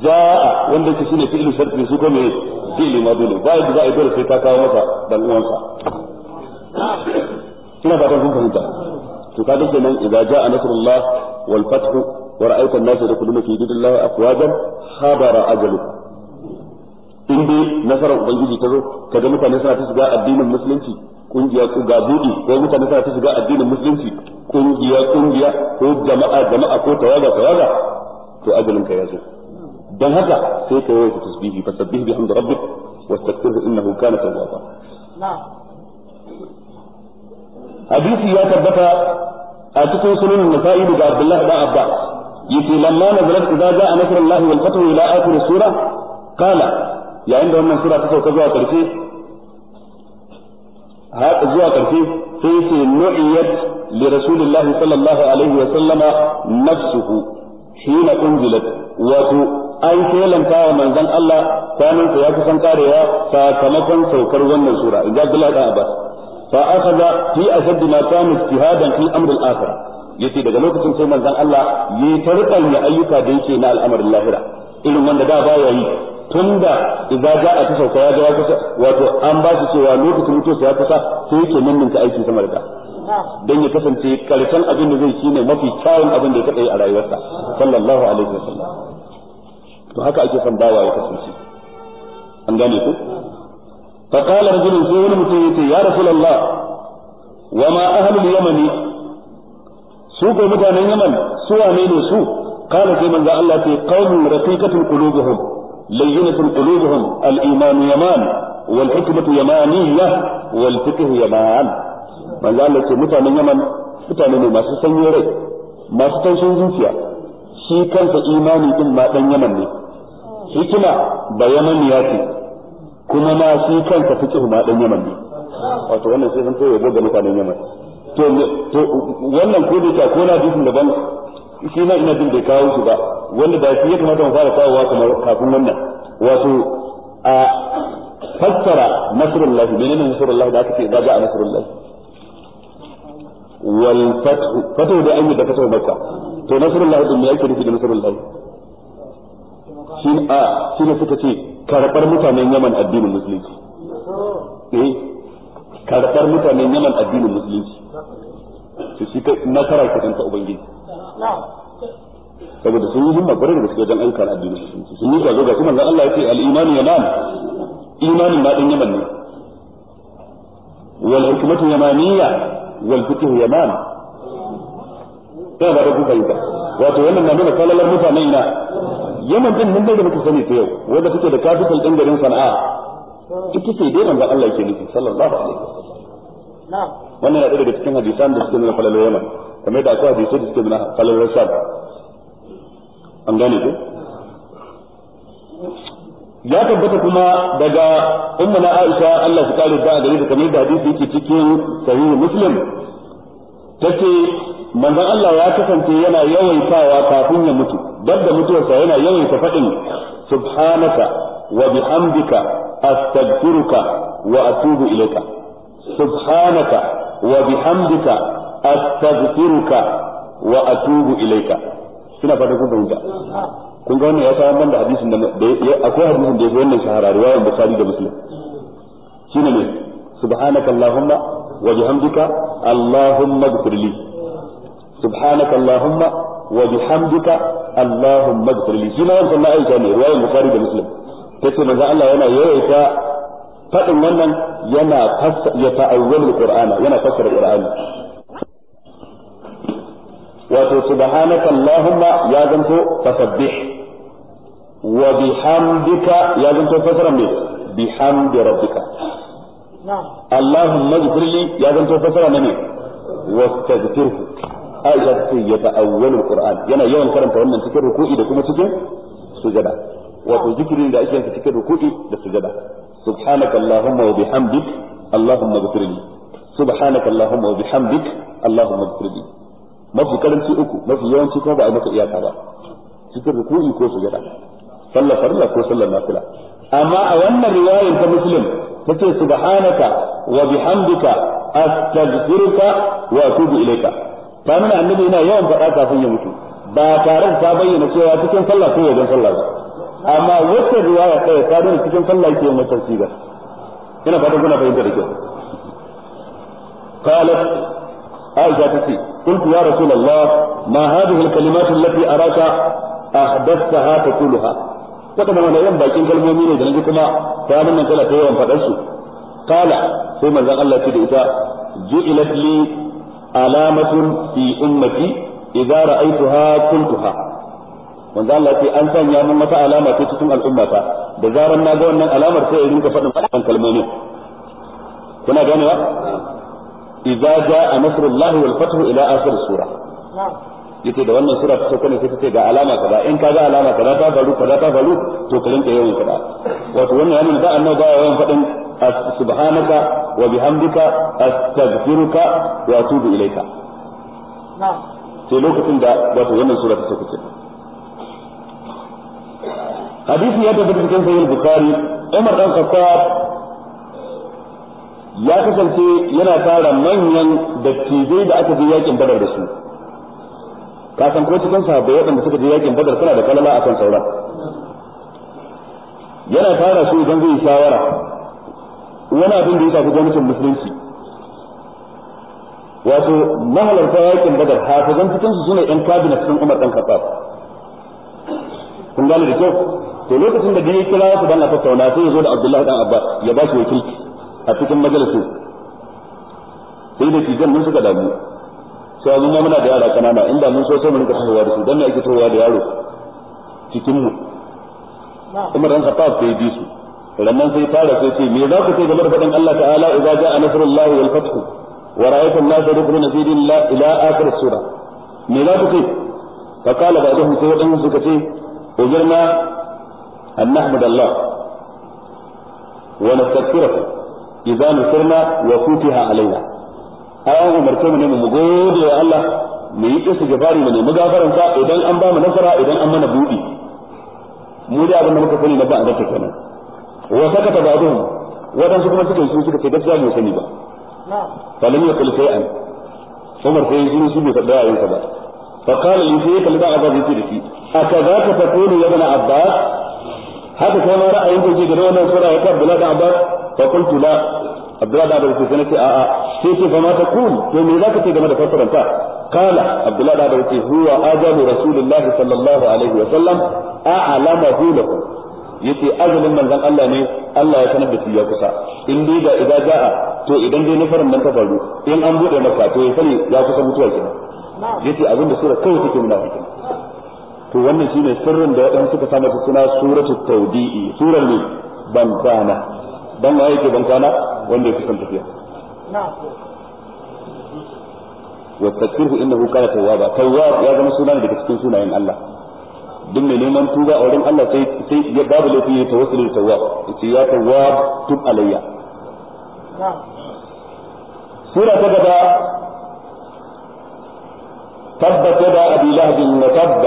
ja'a wanda yake shine fi'il sharti su kuma fi'il madi ne ba yadda za a yi dole sai ta kawo masa dan uwansa kina fatan kun fahimta to ka duk nan idza ja'a nasrullah wal fathu wa ra'aytan nasu yadkhuluna fi dinillahi afwajan habara ajalukum in dai nasarar ubangiji ta zo kaga mutane suna ta shiga addinin musulunci kungiya ko ga budi ko mutane suna ta shiga addinin musulunci kungiya kungiya ko jama'a jama'a ko tawaga tawaga to ajalin ka ya zo dan haka sai ka yawaita tasbihi fasabbih bihamdi rabbik واستغفره انه كان توابا نعم حديث يا ثبت اتكون سنن النسائي da abdullahi بن عباس yace lamma nazarat idza jaa nasrullahi wal fathu ila akhir sura qala yayin da wannan sura ta sauka zuwa karshe har zuwa karshe sai ce nu'iyat li rasulillahi sallallahu alaihi wa sallama nafsuhu hina unzilat wato an kelanta wa manzon Allah kwanan ya kusan karewa sakamakon saukar wannan sura in ga Abdullah da Abbas fa akhadha fi ashadd ma kana yace daga lokacin sai manzon Allah yayi tarkan ya ayyuka da yake na al'amarin lahira irin wanda da baya yi tunda idza ja'a ta sauka ya ga kusa wato an ba shi cewa lokacin mutuwa ya kusa sai yake ninninka aiki sama da dan ya kasance karshen abin da zai ne mafi kyawun abin da ya taɓa yi a rayuwarsa sallallahu alaihi wasallam to haka ake son bawa ya kasance an gane ku fa qala rajulun sai wani mutum yace ya rasulullah wa ma ahlul yamani su ko mutanen yaman su wane ne su kana sai manzo Allah ce qaumun raqiqatul qulubuhum layyinatul qulubuhum al-iman yaman wal hikmatu yamaniyya wal fiqh yaman manzo Allah ce mutanen yaman mutane ne masu sanyin rai masu tausayin zuciya shi kansa imani din ma dan yaman ne hikima ba yamaniya ce kuma ma shi kansa fiqh ma dan yaman ne wato wannan sai zan to ga mutanen yaman to wannan ko da ta kona dukkan daban shi na ina jin da kawo shi ba wanda da shi ya kamata mu fara kawowa kamar kafin wannan wato a fassara nasrullah menene nasrullah da kake ce da a nasrullah wal fathu fathu da an da fathu makka to nasrullah din me yake nufi da nasrullah shi a shi ne suka ce karbar mutanen yaman addinin musulunci eh karɓar mutanen yaman addinin musulunci su shi kai nasara ka kanta ubangiji saboda sun yi himma kwarai da gaske wajen ayyukan addinin musulunci sun yi kwazo ga kuma dan Allah ya ce al'imani ya nan imanin ma din yaman ne wal hikmatu yamaniya wal fitih yaman ta ba da ku ba. wato wannan na nuna kalalar mutanen ina yaman din mun bai da muka sani ta yau wanda suke da kafin ɗan garin sana'a ita ce dai manzon Allah ke nufi sallallahu alaihi wasallam wannan na daga cikin hadisan da suke nuna falalar Yaman kamar da akwai hadisai da suke nuna falalar sab an gane ko ya tabbata kuma daga na Aisha Allah su kare da gare da kamar da hadisi yake cikin sahih Muslim tace manzon Allah ya kasance yana yawaitawa kafin ya mutu dab da mutuwarsa yana yawaita faɗin subhanaka wa bihamdika astaghfiruka wa atubu ilayka subhanaka wa bihamdika astaghfiruka wa atubu ilayka kun ga wannan ya sa ban da hadisin da akwai hadisin da yake wannan shahara riwayar bukhari da muslim shine ne subhanaka allahumma wa bihamdika allahumma ighfir li subhanaka allahumma wa bihamdika allahumma ighfir li shi ma wannan aisha ne riwayar bukhari da muslim tace manzo Allah yana yawaita fadin wannan yana ya ta'awwalul qur'ana yana fassara qur'ani wato subhanaka allahumma ya zanto fasabbih wa bihamdika ya zanto fassara me bihamdi rabbika اللهم اغفر لي يا زنت فسر مني واستغفره أجل يتأول القرآن ينا يوم كرمت وانا تكر kuma cikin تكر سجدا wato zikirin da ake cike da kuɗi da sujada subhanaka allahumma wa bihamdik allahumma ghfirli subhanaka allahumma wa bihamdik allahumma ghfirli mafi karanci uku mafi yawanci ko ba a maka iyaka ba cikin ruku'i ko sujada sallar farilla ko sallar nafila amma a wannan riwayar ta muslim tace subhanaka wa bihamdika astaghfiruka wa atubu ilaika annabi yana yawan faɗa kafin ya mutu ba tare da ta bayyana cewa cikin sallah ko wajen sallah ba amma wata riwaya kai ta nuna cikin sallah yake mai sauki ga ina fatan kuna fahimta da kyau qalat aisha ta ce qultu ya rasulullah ma hadhihi alkalimat allati araka ahdathaha taquluha kuma mana yan bakin kalmomi ne da nake kuma ta nuna kala ta yawan fadar su qala sai manzon Allah ya ce da ita ju'ilat li alamatun fi ummati idza ra'aytuha qultuha manzo Allah ce an sanya mun wata alama ce cikin al'umma ta da zaran na ga wannan alamar sai in rinka faɗin faɗin kalmomi kuna ganewa idza jaa nasrullahi wal fathu ila akhir sura yace da wannan sura ta sauka ne sai ce ga alama kaza in ka ga alama kaza ta faru kaza ta faru to ka rinka yawan kaza wato wannan yana da annabi ba yawan faɗin subhanaka wa bihamdika astaghfiruka wa atubu ilaika sai lokacin da wato wannan sura ta sauka hadisi ya tafi cikin sahih bukhari Umar dan Khattab ya kasance yana tara manyan dattijai da aka je yakin Badar da su ka san ko cikin sahabbai waɗanda suka je yakin Badar suna da kalala kan sauran yana tara su idan zai shawara wani abin da ya shafi gwamnatin musulunci wato mahalarta yakin Badar hafizan cikin su suna yan kabinet sun Umar dan Khattab kun gane da kyau to lokacin da dai kira su dan a tattauna sai ya zo da Abdullahi dan Abbas ya ba shi wakilci a cikin majalisin sai da kijan mun suka damu sai mun ma muna da yara kanana inda mun so sai mun rika tahowa da su dan ne ake tahowa da yaro cikin mu Umar dan Khattab sai bi su rannan sai fara sai ce me za ku ce game da faɗin Allah ta'ala idza ja'a nasrullahi wal fathu wa ra'aita an-nasa yadkhuluna fi dinillahi ila akhir sura me za ku ce fa qala ba'dahum sai wadannan suka ce قدرنا أن نحمد الله ونستغفره إذا نصرنا وفوتها علينا أو مرتبنا من مجود يا الله ميتس جباري من المغافرة إذا الأنباء نصرا إذا الأنباء نبودي مولى أبو نمك فلي بعد أنت كنا وسكت بعضهم وأنا سكما سكما سكما سكما سكما سكما سكما سكما سكما سكما سكما سكما سكما سكما سكما سكما سكما سكما فقال لي سيك لبا عباد يسيرك أكذاك تقول يا ابن عباس haka kai ma ra'ayin ku ke gane wannan sura ya kan Abdullah da Abbas fa qultu la Abdullah da Abbas sai nace a'a sai ce fa ta kun to me zaka ce game da fassarar ta kala Abdullah da Abbas huwa ajabu sallallahu alaihi wa sallam yace ajalin manzon Allah ne Allah ya sanar da shi ya kusa in dai da idan ja'a to idan dai nufarin nan ta faru in an bude maka to ya sani ya kusa mutuwa kenan yace abin da sura kawai take nuna hikima to wannan shine sirrin da wadanda suka samu su suna suratul tawdi'i surar ne ban kana dan waye ke ban kana wanda ya kusan tafiya wa tadhkirhu innahu kana tawwaba tawwab ya zama sunan daga cikin sunayen Allah duk mai neman tuba a wurin Allah sai sai ya babu laifi ya tawassul da tawwab yace ya tawwab tub alayya sura ta gaba تبت يدا ابي لهب وتب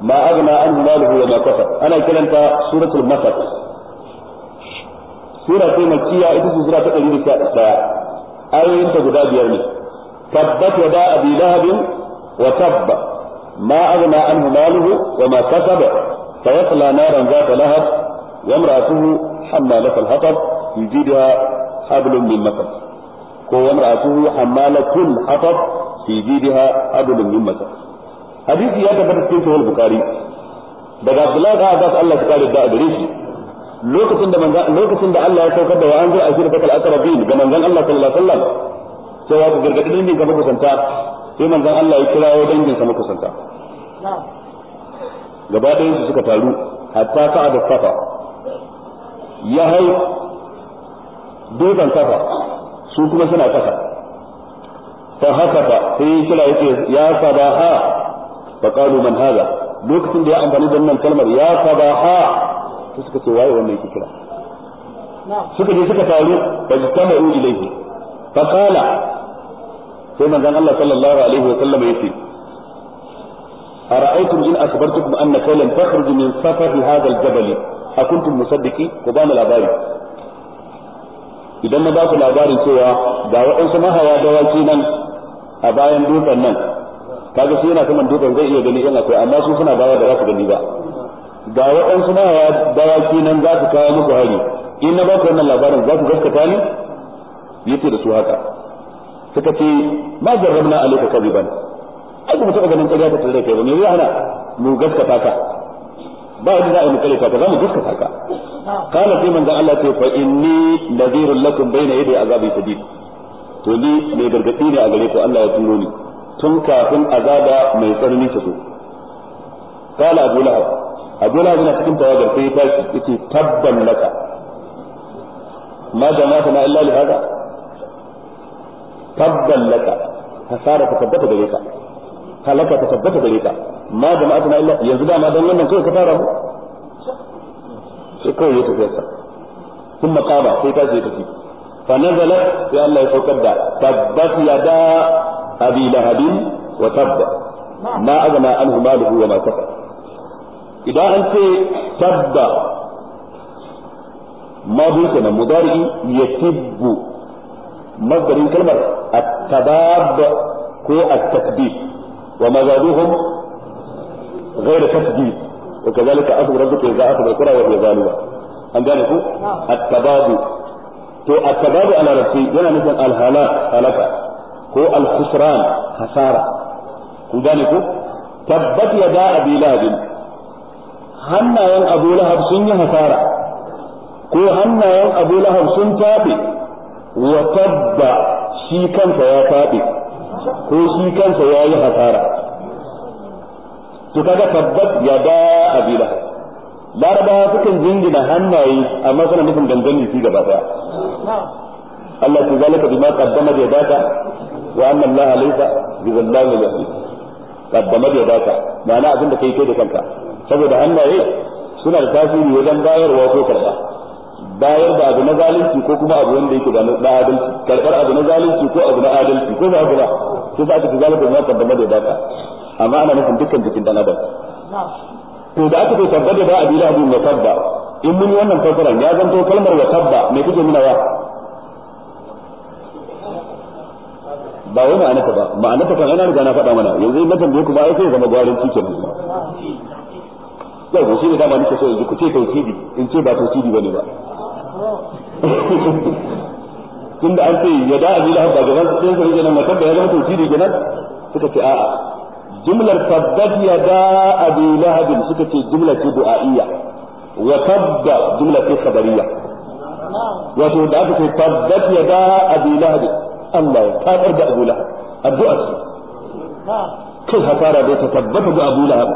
ما اغنى عنه ماله وما كسب انا كلمت سوره المثل سوره مكيه اذ سوره تقريبا ايه انت قدام يعني تبت يدا ابي لهب وتب ما اغنى عنه ماله وما كسب فيصلى نارا ذات لهب وامراته حمالة الحطب في جيدها حبل من مثل وامراته حمالة الحطب fi jidha adadun min mata hadisi ya tabbata cikin sahih bukhari daga abdullahi da abbas Allah ya kare da gare shi lokacin da manzon lokacin da Allah ya saukar da wa'anzu ashir bakal aqrabin ga manzon Allah sallallahu alaihi wasallam sai ya gargadi ne ga makusanta sai manzon Allah ya kirawo dangin sa makusanta gaba ɗayan su suka taru hatta sa'a da safa ya hau dutsen safa su kuma suna kasa fa hakafa sai kira yace ya saba ha fa qalu man hada lokacin da ya amfani da wannan kalmar ya sabaha to suka ce waye wannan yake kira suka je suka taru ba fa jama'u ilayhi fa qala sai manzon Allah sallallahu alaihi wa sallam yace أرأيتم إن أخبرتكم أن كولا تخرج من سفر هذا الجبل أكنتم مصدقين كبان الأباري idan na ba ku labarin cewa ga waɗansu mahaya dawaki nan a bayan dutsen nan kaga su yana saman dutsen zai iya gani in akwai amma su suna baya da za su gani ba ga waɗansu na dawaki nan za su kawo muku hari in na ba ku wannan labarin za ku gaskata ne yace da su haka suka ce ma jarrabna alayka kadiban ai kuma mu ganin kariya ta tare kai ba me zai hana mu gaskata ka ba yadda za a yi kare ka za mu gaskata ka kana sai manzon Allah ce fa inni nadhirul lakum bayna yadi azabi shadid to ni mai gargadi ne a gare ku Allah ya turo ni tun kafin azaba mai tsanani ta zo قال أبو لهب أبو لهب أنا كنت أقدر في باش يتي تبا لك ما جمعتنا إلا لهذا تبا laka hasara ta tabbata gare ka halaka ta tabbata gare ka ma da jama'atuna illa yanzu da ma dan wannan kai ka fara mu sai kawai ya tafi sa kuma kaba sai ta je tafi فنزلت يا الله يتوكد تبت يدا أبي لهب وتبت ما أغنى عنه ماله وما كسب إذا أنت تبت ما بيتنا مضارئ يتب مصدر كلمة التباب هو التكبير وما زادوهم غير تكبير وكذلك أخذ ربك إذا أخذ القرى وهي ظالمة أن ذلك نعم. التباب to akababu a larabci yana nufin alhala halaka ko alkhusran hasara ku gane ku tabbat ya da abi lahabin hannayen abu lahab sun yi hasara ko hannayen abu lahab sun tabe wa tabba shi kansa ya tabe ko shi kansa ya yi hasara to kaga tabbat ya da abi lahab larabawa sukan jingina hannaye amma suna nufin dangane shi gaba daya Allah ce zalika bima qaddama yadaka wa anna Allah laysa bizallamin yaqin qaddama yadaka ma'ana abin da kai ke da kanka saboda hannaye suna da tasiri wajen bayarwa ko karba bayar da abu na zalunci ko kuma abu wanda yake da na adalci Karkar abu na zalunci ko abu na adalci ko ba abu ba sai za ka ci zalunci ma kaddama da daka amma ana nufin dukkan jikin dan adam to da aka ce tabbata da abi lahab ne tabba in mun yi wannan fasaran ya zanto kalmar wa tabba me kuke nuna wa ba wai ma'anata ba ma'anata kan ana riga na faɗa mana yanzu na tambaye ku ba ai sai zama gwarin ci kenan yau shi ne dama nake so yanzu ku ce tauhidi in ce ba tauhidi bane ba tunda an ce ya da abi lahu ba gaban sai sai kenan matan da ya zama tauhidi kenan suka ce a'a jumlar tabbat ya da abi lahab suka ce jumla ce du'a'iyya وتبدأ جملة خبرية وشو دعاك في يدا أبي لهب الله كان أرد أبو لهب أبو أسر كيف ترى بيت تبدأ أبو لهب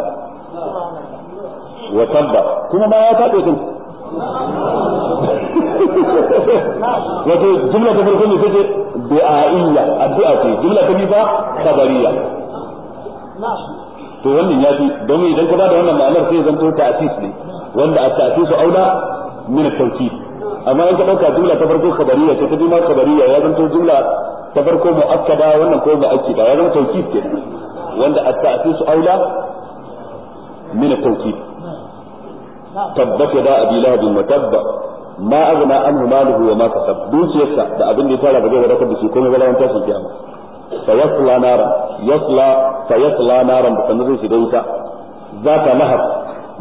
وتبدأ كما ما يتبدأ وشو جملة في الكل تجي دعائية أبو أسر جملة في الكل خبرية ماشي نعم. تولي ياتي دومي دنكو بعد هنا ما أمر فيه زنتو تأسيس لي wanda a tafi su aula min tawkid amma in ka dauka jumla ta farko khabariya ce ta jumla khabariya ya zanto jumla ta farko muakkada wannan ko ba akida ya zama tawkid ke wanda a tafi su aula min tawkid tabbat da abi lahab wa tabba ma aghna anhu maluhu wa ma kasab dukiyarsa da abin da ya fara ba wadatar da shi komai ba lawan tashin kiyama فيصلى نارا يصلى فيصلى zai shiga wuta. za ta لهب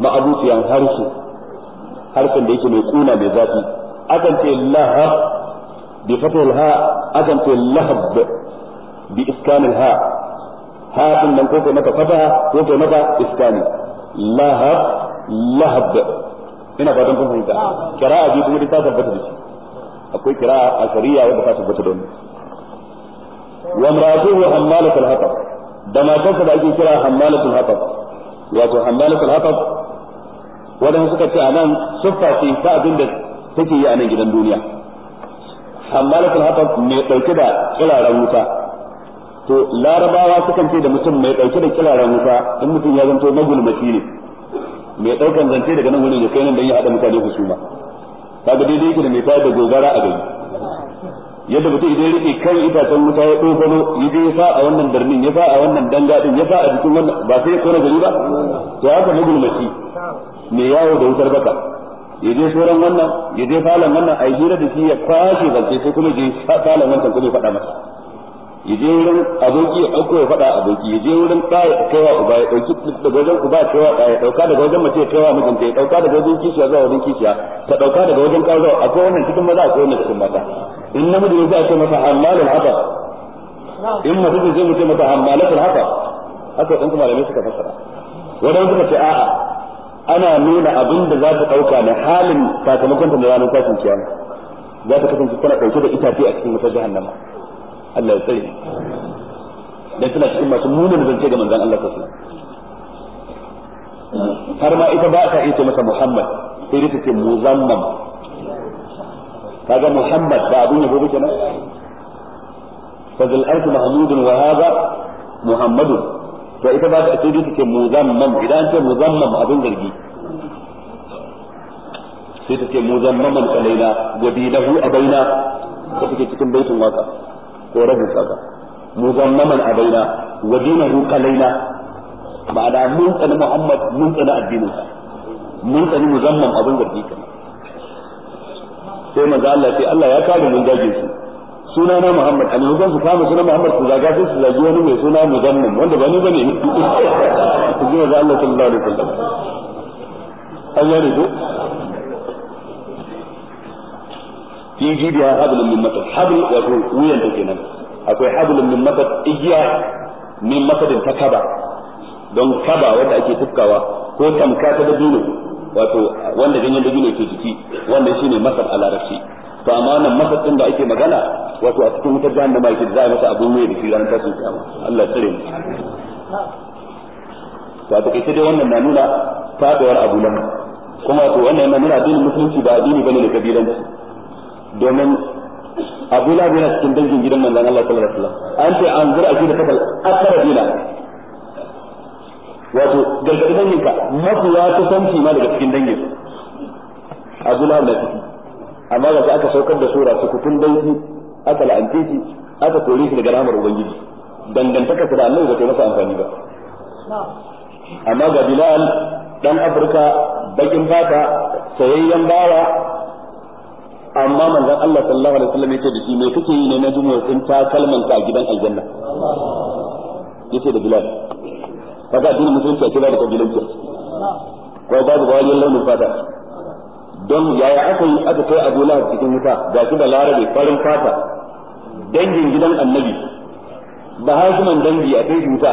ma'alusiyan harshe harshen da yake mai kuna mai zafi akan ce lahab bi fatul ha akan ce lahab bi iskanil ha ha din nan ko mata maka fataha ko kai maka iskani lahab lahab ina fatan kun fahimta kira'a bi kuma ta tabbata da shi akwai kira'a asariya wanda ta tabbata da mu wa imra'atuhu hammalatul hatab da matarsa da ake kira hammalatul hatab wato hammalatul hatab wadanda suka ce anan suffa ce ta abin da take yi a nan gidan duniya amma lakal haka mai dauke da kiraren wuta to larabawa sukan ce da mutum mai dauke da kiraren wuta in mutum ya zanto magulmaci ne mai daukan zance daga nan wani ya kai nan dan ya hada mutane suma kaga daidai yake da mai tayar da gobara a gari yadda mutum idan rike kan itacen wuta ya dogaro ya je ya sa a wannan birnin ya sa a wannan danga ya sa a jikin wannan ba sai ya kona gari ba to haka magulmaci me yawo da wutar baka ya je sauran wannan ya je falon wannan a yi hira da shi ya kwashe zance sai kuma je falon wannan kuma ya faɗa masa ya je wurin aboki ya ɗauko ya faɗa aboki ya je wurin ɗaya ya kaiwa uba ya ɗauki daga wajen uba ya kaiwa ɗaya ya ɗauka daga wajen mace ya kaiwa mijinta ya ɗauka daga wajen kishiya zuwa wajen kishiya ta ɗauka daga wajen ƙa zuwa akwai wannan cikin maza a wannan cikin mata in namiji ne za a ce masa hamalul haka in mace ce zai mu ce masa hamalatul haka haka ɗan kuma malamai suka fassara wadansu suka ce a'a ana nuna abin da za ta ɗauka ne halin sakamakon ta da ranar tashin kiyama za ta kasance tana ɗauke da itace a cikin wutar jahannama Allah ya tsare dan tana cikin masu munin zance ga manzon Allah sallallahu alaihi wasallam har ma ita ba ta ita masa Muhammad sai dai take muzammam kaga Muhammad ba abin yabo ba kenan dal ardu mahmudun wa hadha muhammadun to ita ba ta su ce muzammam idan an ce muzammam abin zargi sai ta ce muzammaman kalaina hu a baina ta take cikin baitin waka ko rabin saka muzammaman a baina hu kalaina ma'ana mun tsani muhammad mun tsani addinin sa mun tsani muzammam abin zargi kenan sai maza Allah sai Allah ya kare mun dage su suna na Muhammad a maimakon su kama suna Muhammad su zaga sai su zagi wani mai suna Muzammin wanda ba ni bane ne su ji maza Allah sallallahu alaihi wasallam an gane ko fi jibiya hablun min masad habl wato wuyan ta kenan akwai hablun min masad igiya min masadin ta kaba don kaba wanda ake tufkawa ko tamka ta dabino wato wanda ganyen dabino ke jiki wanda shine masad a larabci to amma wannan masar da ake magana wato a cikin wutar jahannama yake za a masa abun mai da shi ranar tashin kiyama Allah tsare mu to a takaice dai wannan na nuna fadawar abu lamu kuma to wannan na nuna addinin musulunci ba addini bane da kabilanci domin abu lamu yana cikin dangin gidan manzan Allah sallallahu alaihi wasallam an ce an zura shi da kasal dina wato gargaɗi danginka wata kusanci ma daga cikin dangin abu lamu na ciki amma ga aka saukar da sura su kutun dangi aka la'ante shi aka kore shi daga rahmar ubangiji dangantaka da annabi ba ta masa amfani ba amma ga bilal dan afirka bakin fata sayayyen bawa amma manzon Allah sallallahu alaihi wasallam yace da shi me kake yi ne na jumu'a din ta kalman ka a gidan aljanna yace da bilal kaga addinin musulunci a kira da kabilanci ko babu wajen launin fata don yaya aka yi aka kai abu lahab cikin wuta ga shi da larabe farin fata dangin gidan annabi ba hasuman dangi a kai wuta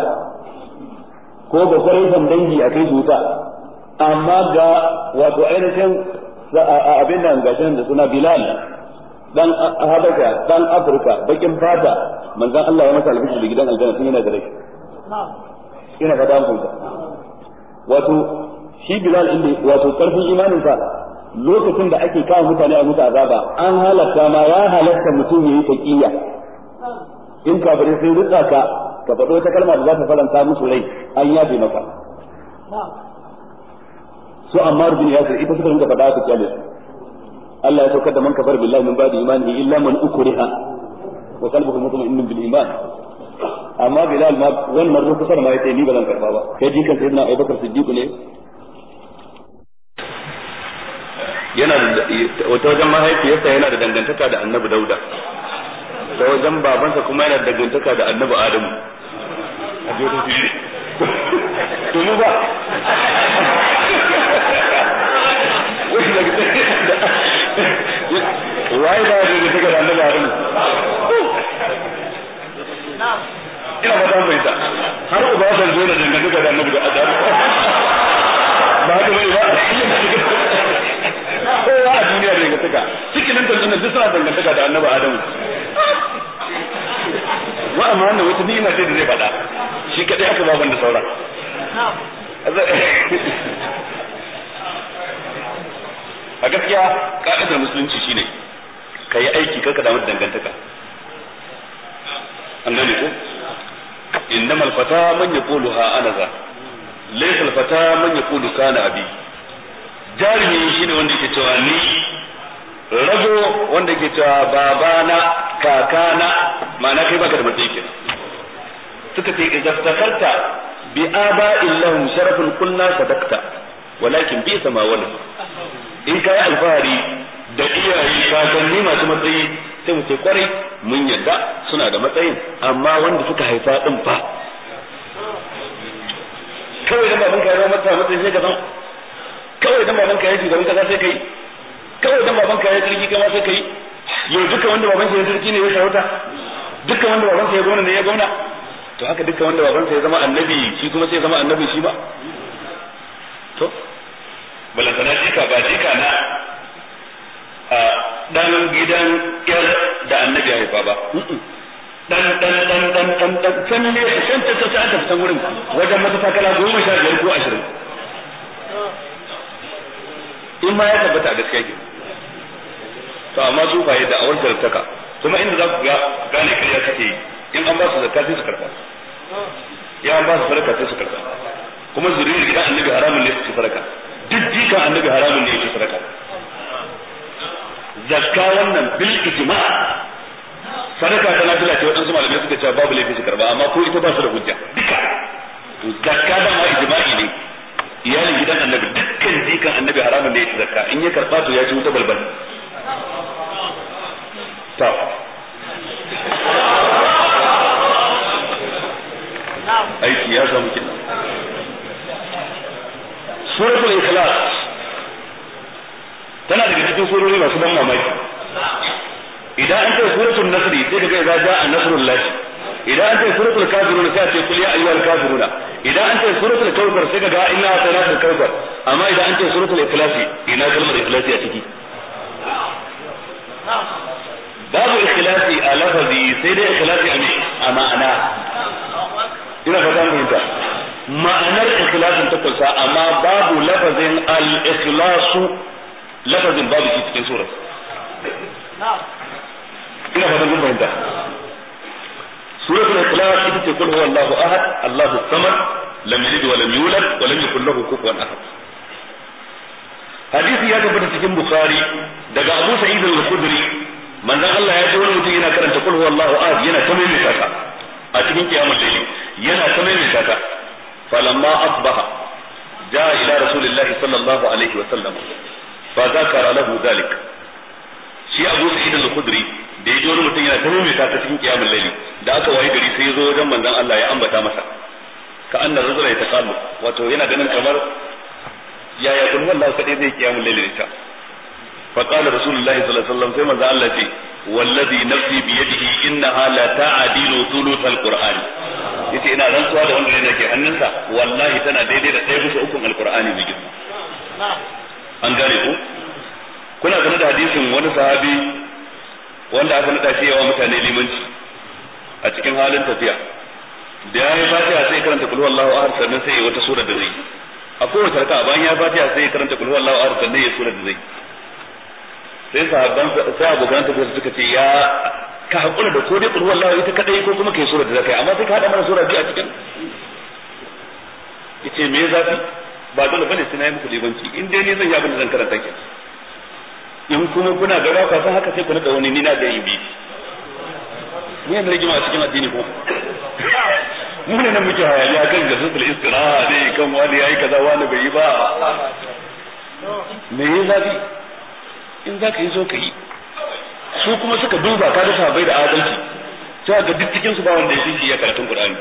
ko ba sarifan dangi a kai wuta amma ga wato ainihin abin nan ga da suna bilal dan habasha dan afirka bakin fata manzon Allah ya masa albishi da gidan aljanna sun yana da rai ina fata mun wato shi bilal inda wato karfin imanin sa lokacin da ake kawo mutane a musu azaba an halatta ma ya halatta mutum yayi taqiya in ka bari sai rutsa ka ka faɗo wata kalma da za ta faranta musu rai an yafe maka su amma rubin ya sai ita suka rinka faɗa ta kyale Allah ya saukar da man kafar billahi min ba'di imanihi illa man ukriha wa qalbuhu mutma'innun bil iman amma bilal ma wannan rukusa ma yace ni ba zan karba ba kai jikan sayyidina Abubakar Siddiq ne yana da wata wajen mahaifiyarsa yana da dangantaka da annabi dauda ta wajen babansa kuma yana da dangantaka da annabi adamu a je ta fiye to mu ba waye ba da dangantaka da annabi adamu ina ba ta bai ta har uba san zo da dangantaka da annabi adamu ba haka dangantaka ciki nan da duk suna dangantaka da annabi adamu wa amma wannan wata ni'ima ce da zai faɗa shi kadai aka baban da sauran a gaskiya ka'idar musulunci shine ka yi aiki kanka da wata dangantaka an gane ko innamal fata man yaqulu ha anaza laysa al fata man yaqulu kana abi jarimi shine wanda yake cewa ni rago wanda ke cewa babana kakana ma'ana kai baka da matsayi suka ce idza ftakarta bi aba lahum sharafun kullu sadaqta walakin bi sama wala in kai alfahari da iyaye kakanni masu matsayi sai mu ce kwarai mun yadda suna da matsayin amma wanda suka haifa din fa kawai dan babanka ya zama mata matsayi sai ka san kawai dan ba mun kai da wuta sai kai kawai dan babanka ya sarki kai ma sai kai yau duka wanda babanka ya sarki ne ya sarauta duka wanda babanka ya gona ne ya gona to haka duka wanda babanka ya zama annabi shi kuma sai zama annabi shi ba to balantana jika ba jika na a dan gidan yar da annabi ya haifa ba dan dan dan dan dan dan can ne san ta ta ta ta wurin wajen matakala goma sha biyar ko ashirin in ma ya tabbata gaskiya kenan to amma su yadda da wancan zartaka kuma inda za ku ga gane kariya kake yi in an ba su zakka sai su karba ya an ba su sadaka sai su karba kuma zuriyar gidan annabi haramun ne su sadaka duk jikan annabi haramun ne su sadaka zakka wannan bil ijma sadaka ta nafila ce wadansu malamai suka cewa babu laifi su karba amma ko ita ba su da hujja duka zakka da ma ijma'i ne iyalin gidan annabi dukkan jikan annabi haramun ne ya ci zakka in ya karba to ya ci wuta balbal to aiki ya samu kenan suratul ikhlas tana daga cikin surori masu ban mamaki idan an ce suratul nasri sai ka kaga a jaa nasrullahi idan an ce suratul kafiruna sai a ce kul a ayyuhal kafiruna idan an ce suratul kawthar sai ka kaga inna atayna al kawthar amma idan an ce suratul ikhlasi ina kalmar ikhlasi a ciki babu ikhlasi a lafazi sai dai ikhlasi a a ma'ana ina fata mun ma'anar ikhlasin ta kunsa amma babu lafazin al-ikhlasu lafazin babu shi cikin surar ina fata mun fahimta suratul ikhlas ita ce kul huwallahu ahad Allahu samad lam yalid wa lam yulad wa lam yakul lahu kufuwan ahad hadisi ya tabbata cikin bukhari daga abu sa'id al-khudri manzon Allah ya ce wani mutum yana karanta kul huwallahu ahad yana ta maimaita ka a cikin kiyamar da yana ta maimaita ka falamma asbaha jaa ila rasulillahi sallallahu alaihi wa sallam fa zakara lahu dhalik shi abu sa'id al-khudri da ya ji wani mutum yana ta maimaita ta cikin kiyamar laili da aka waye gari sai ya zo wajen manzon Allah ya ambata masa ka annar rajula ya taqallu wato yana ganin kamar yaya kun wallahu kadai zai kiyamul lailin ta فقال رسول الله صلى الله عليه وسلم كما قال الله والذي نفسي بيده انها لا تعدل ثلث القران yace ina rantsuwa da wanda ne nake hannunsa wallahi tana daidai da ɗaya bisa ukun alqur'ani mai girma an gane ku kuna sanar da hadisin wani sahabi wanda aka nada shi yawa mutane limanci a cikin halin tafiya da ya yi fatiha sai karanta kulhu Allahu ahad sannan sai wata sura da zai a kowace raka bayan ya fatiha sai ya karanta kulhu Allahu ahad sannan ya sura da zai sai sahabban sai abokan tafiya suka ce ya ka hakura da ko dai kulhu Allahu ita kadai ko kuma kai sura da zakai amma sai ka hada mana sura biyu a cikin yace me zafi ba dole bane sai na yi muku libanci in dai ni zan yi abin da zan karanta ke in kuma kuna ga ba san haka sai ku nada wani ni na da yi bi ni ne rigima a cikin addini ko mu ne muke muke hayaniya kan gasatul istiraha ne kan wani yayi kaza wani bai yi ba me yi zafi in za ka yi zo ka yi su kuma suka duba ka da sabai da adalci sai ga duk cikin su ba wanda ya shi ya karatun qur'ani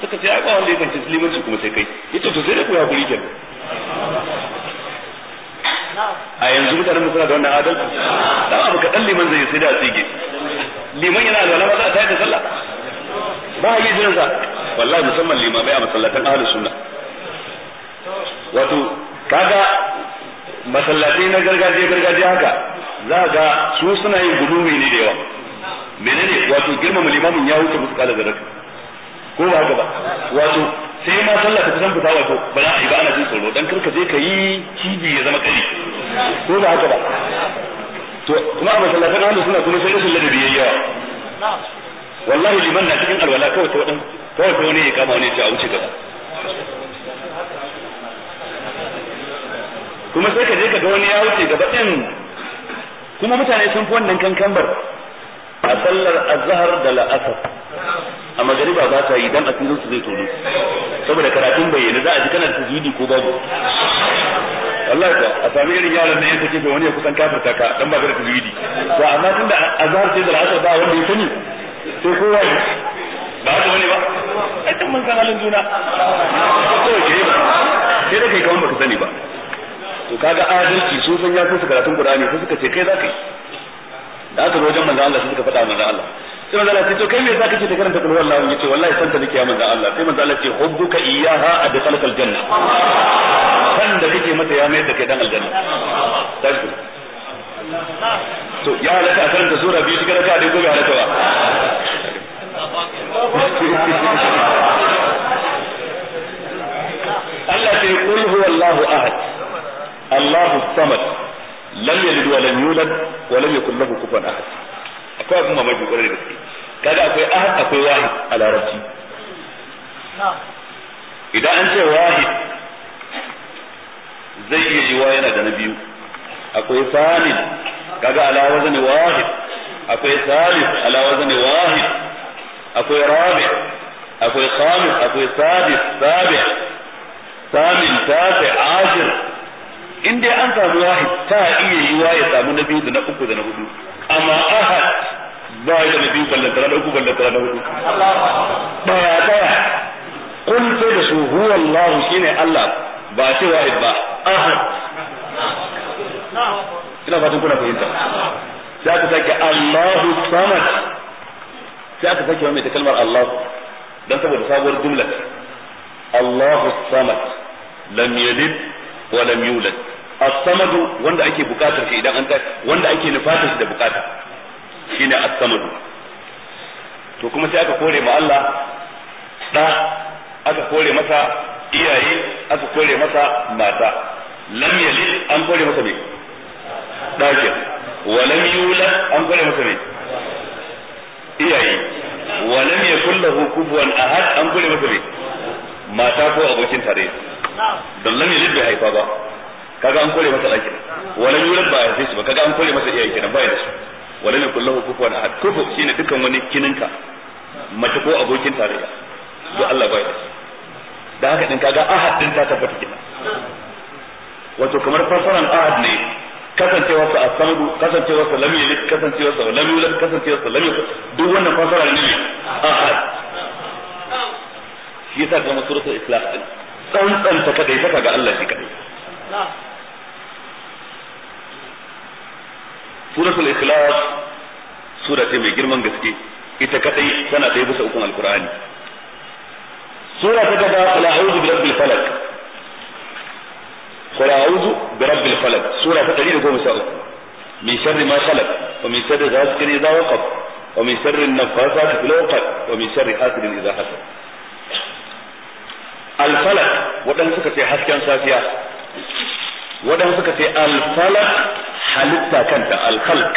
suka ce ai ba wanda ya kanci limanci kuma sai kai yace to sai da ku ya guri kenan a yanzu mutanen mu suna da wannan adalci dan ka kadan liman zai sai da tsige liman yana da wani ba za a tayar da sallah ba a yi jiran sa wallahi musamman limamai a masallatan ahlus sunna wato kaga masallatai na gargajiya gargajiya haka za ga su suna yin mai ne da yawa menene wato girmama limamin ya wuce musu kala zarar ko ba haka ba wato sai ma sallah ta san fita wato ba za a yi ba ana jin tsoro dan karka je ka yi cibi ya zama kari ko ba haka ba to kuma a masallatan ahlus sunna kuma sai rashin ladabi yayi yawa wallahi liman na cikin alwala kawai ta wadan kawai ta wani ya kama wani ya a wuce gaba kuma sai ka je ka ga wani ya wuce gaba din kuma mutane sun fi wannan kankambar a sallar azhar da la'asar a magariba ba ta yi dan asirin su zai tono saboda karatun bayyana za a ji kana da tajwidi ko babu wallahi ko a sami irin yaron da ya sake da wani ya kusan kafirta ka dan ba ka da tajwidi to amma tunda azhar ce da la'asar ba wanda ya sani sai kowa ya ba haka bane ba ai tun mun san halin juna ko ke ba sai da kai kawai baka sani ba to kaga adalci sun san ya san su karatun Qur'ani sai suka ce kai za ka yi da aka zo wajen manzo Allah sai suka faɗa manzo Allah sai manzo Allah ce to kai me zaka ce ta karanta kullu wallahu yace wallahi san ta nake ya manzo Allah sai manzo Allah ce hubbuka iyyaha adkhalakal janna san da kake mata ya mai da kai dan aljanna tashi to ya halaka a karanta sura biyu cikin raka'a dai gobe halaka ba Allah ce kul huwallahu ahad Allahu samad lam yalid wa lam yulad wa lam yakul lahu kufuwan ahad akwai abin mamaki kwarai da gaske kaga akwai ahad akwai wahid a larabci idan an ce wahid zai iya yiwa yana da na biyu akwai salid kaga ala wazani wahid akwai salid ala wazani wahid akwai rabi akwai khamis akwai sadis sabi samin tafi ashir in dai an samu wahid ta iya yiwa ya samu na biyu da na uku da na hudu amma ahad ba ya da na biyu ballantara na uku ballantara na hudu daya daya kun sai da su huwa Allah shine Allah ba ce wahid ba ahad ina fatan kuna fahimta za ka sake Allahu samad sai aka sake mai ta kalmar Allah dan saboda sabuwar jumla Allahu samad lam yalid wa lam yulad as-samad wanda ake bukatar shi idan an ta wanda ake nufatar shi da bukata shine as-samad to kuma sai aka kore ma Allah da aka kore masa iyaye aka kore masa mata lam yalid an kore masa me dakin wa lam yulad an kore masa ne. iyaye wa lam yakul lahu kufuwan ahad an gure masa ne mata ko abokin tare dan lam yalid bai haifa ba kaga an kore masa ɗakin wala yulad ba haife shi ba kaga an kore masa iyaye kenan bai da su wala yakul lahu kufuwan ahad kufu shine dukkan wani kininka mace ko abokin tare da Allah bai da su da haka din kaga ahad din ta tabbata kenan wato kamar fasaran ahad ne kasancewarsa a sandu kasancewarsa lam yalid kasancewarsa lam yulad kasancewarsa lam yulad duk wannan fasara ne ahad shi yasa ga suratul ikhlas din tsantsanta kadai saka ga Allah shi kadai suratul ikhlas sura mai girman gaske ita kadai tana ɗaya bisa ukun alqur'ani sura ta gaba la a'udhu bi rabbil falaq فلا أعوذ برب الفلق سورة قليلة قوم سألت من شر ما خلق ومن شر غاسق إذا وقف ومن شر النفاثات في الأوقات ومن شر حاسد إذا حسد الفلق ودن سكتي حسكا ساتيا ودن سكتي الفلق حلقتا كنت الخلق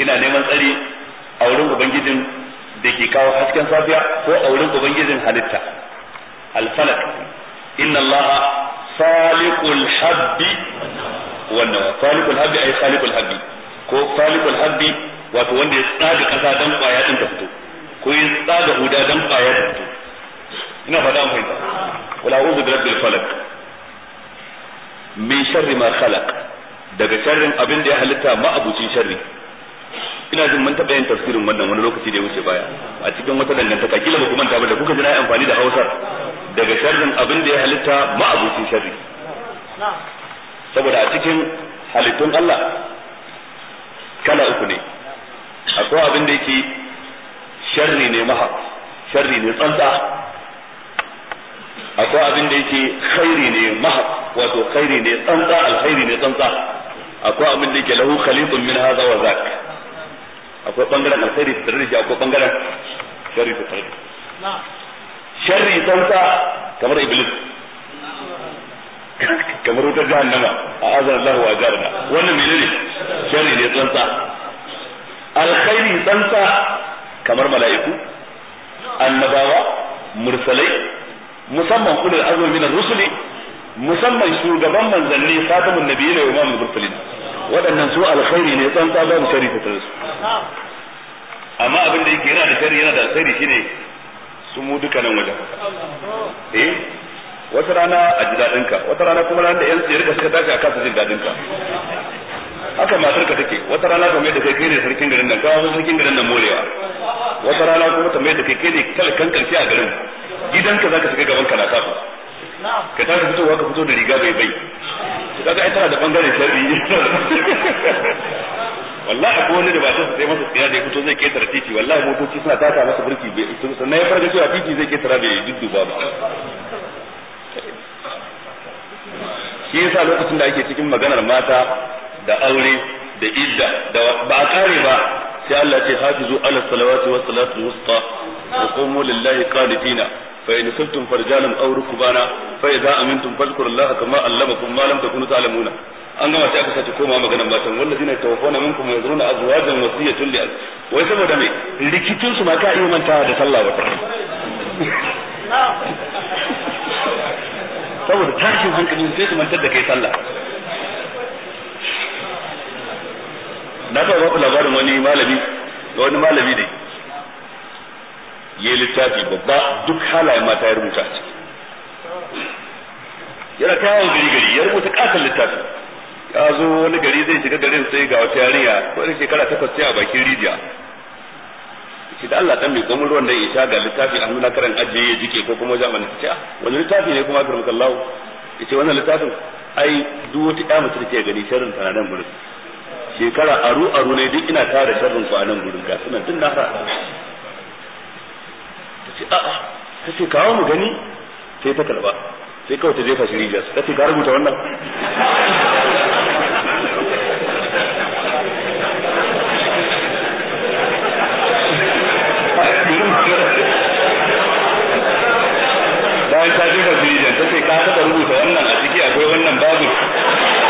إلى نيمان قلي أولوك بنجدن ديكي كاو حسكا ساتيا هو أولوك بنجدن حلقتا الفلق inna allaha khaliqul habbi wannan khaliqul habbi ay khaliqul habbi ko khaliqul habbi wato wanda ya tsaga kasa dan kwaya din ta fito ko ya tsaga huda dan kwaya ta fito ina faɗa mai ba wala a'udhu bi rabbil falaq min sharri ma khalaq daga sharrin abin da ya halitta ma abucin sharri ina jin mun taɓa yin tafsirin wannan wani lokaci da ya wuce baya a cikin wata dangantaka kila ba kuma manta ba da kuka ji amfani da Hausar daga sharrin abin da ya halitta ma'abucin sharri saboda a cikin halittun Allah kala uku ne akwai abin da yake sharri ne maha sharri ne tsantsa akwai abin da yake khairi ne maha wato khairi ne tsantsa alkhairi ne tsantsa akwai abin da yake lahu khalifun min hadha wa zak akwai bangaren alkhairi tare da shi akwai bangaren sharri tare da sharri tsantsa kamar iblis kamar wutar jahannama a azan Allah wa garna wannan menene sharri ne tsantsa alkhairi tsantsa kamar mala'iku annabawa mursalai musamman ulul azumi min rusuli musamman shugaban manzanni fatimun nabiyyi wa imamul mursalin waɗannan su alkhairi ne tsantsa mu sharri ta tare su amma abin da yake yana da sharri yana da alkhairi shine su mu duka nan wajen eh wata rana a ji daɗin ka wata rana kuma ran da yan tsere suka dace a kasa jin daɗin ka haka matar ka take wata rana kamar da kai kai ne sarkin garin nan kawo sarkin garin nan morewa wata rana kuma mai da kai kai ne kalkan karshe a garin gidanka zaka shiga gaban ka na kafa ka tara fitowa ka fito da riga bai bai kaga ai tana da bangare sharri wallahi ko wani da ba sai sai masa tsaya da fito zai ke ketara titi wallahi motoci suna taka masa burki bai sannan ya farga cewa titi zai ketara bai dudduba ba shi yasa lokacin da ake cikin maganar mata da aure da idda da ba a kare ba sai Allah ce hafizu ala salawati wa salatu wusta wa qumu lillahi qanitina فإن خفتم فرجالا أو ركبانا فإذا أمنتم فاذكروا الله كما علمكم ما لم تكونوا تعلمون an gama sai aka sace koma maganan matan wallazi ne tawaffana minkum yazruna azwajan wasiyatan li wai saboda me rikicin su ma ka iya mantawa da sallah wata saboda tashin hankalin sai su mantar da kai sallah na ta ba labarin wani malami ga wani malami ne ya yi littafi babba duk halayen mata ya rubuta a ciki yana ta yawon gari gari ya rubuta ƙasar littafi ya zo wani gari zai shiga garin sai ga wata yarinya ko da shekara takwas sai a bakin rijiya ki da Allah dan mai gomin ruwan da ya sha ga littafi a nuna karan ajiye ya jike ko kuma jama'a ta ah, wani littafi ne kuma akram Ya yace wannan littafin ai duk wata ƴa mutum take gani sharrin ta nan gurin shekara aru aru ne duk ina tara sharrin ku a nan gurin ga sunan tun da ce a'a ta ce kawo mu gani sai ta karba sai kawai ta jefa shi rijiya ta ce ka rubuta wannan bayan ta jefa shi rijiya ta ce ka taɓa rubuta wannan a ciki akwai wannan babu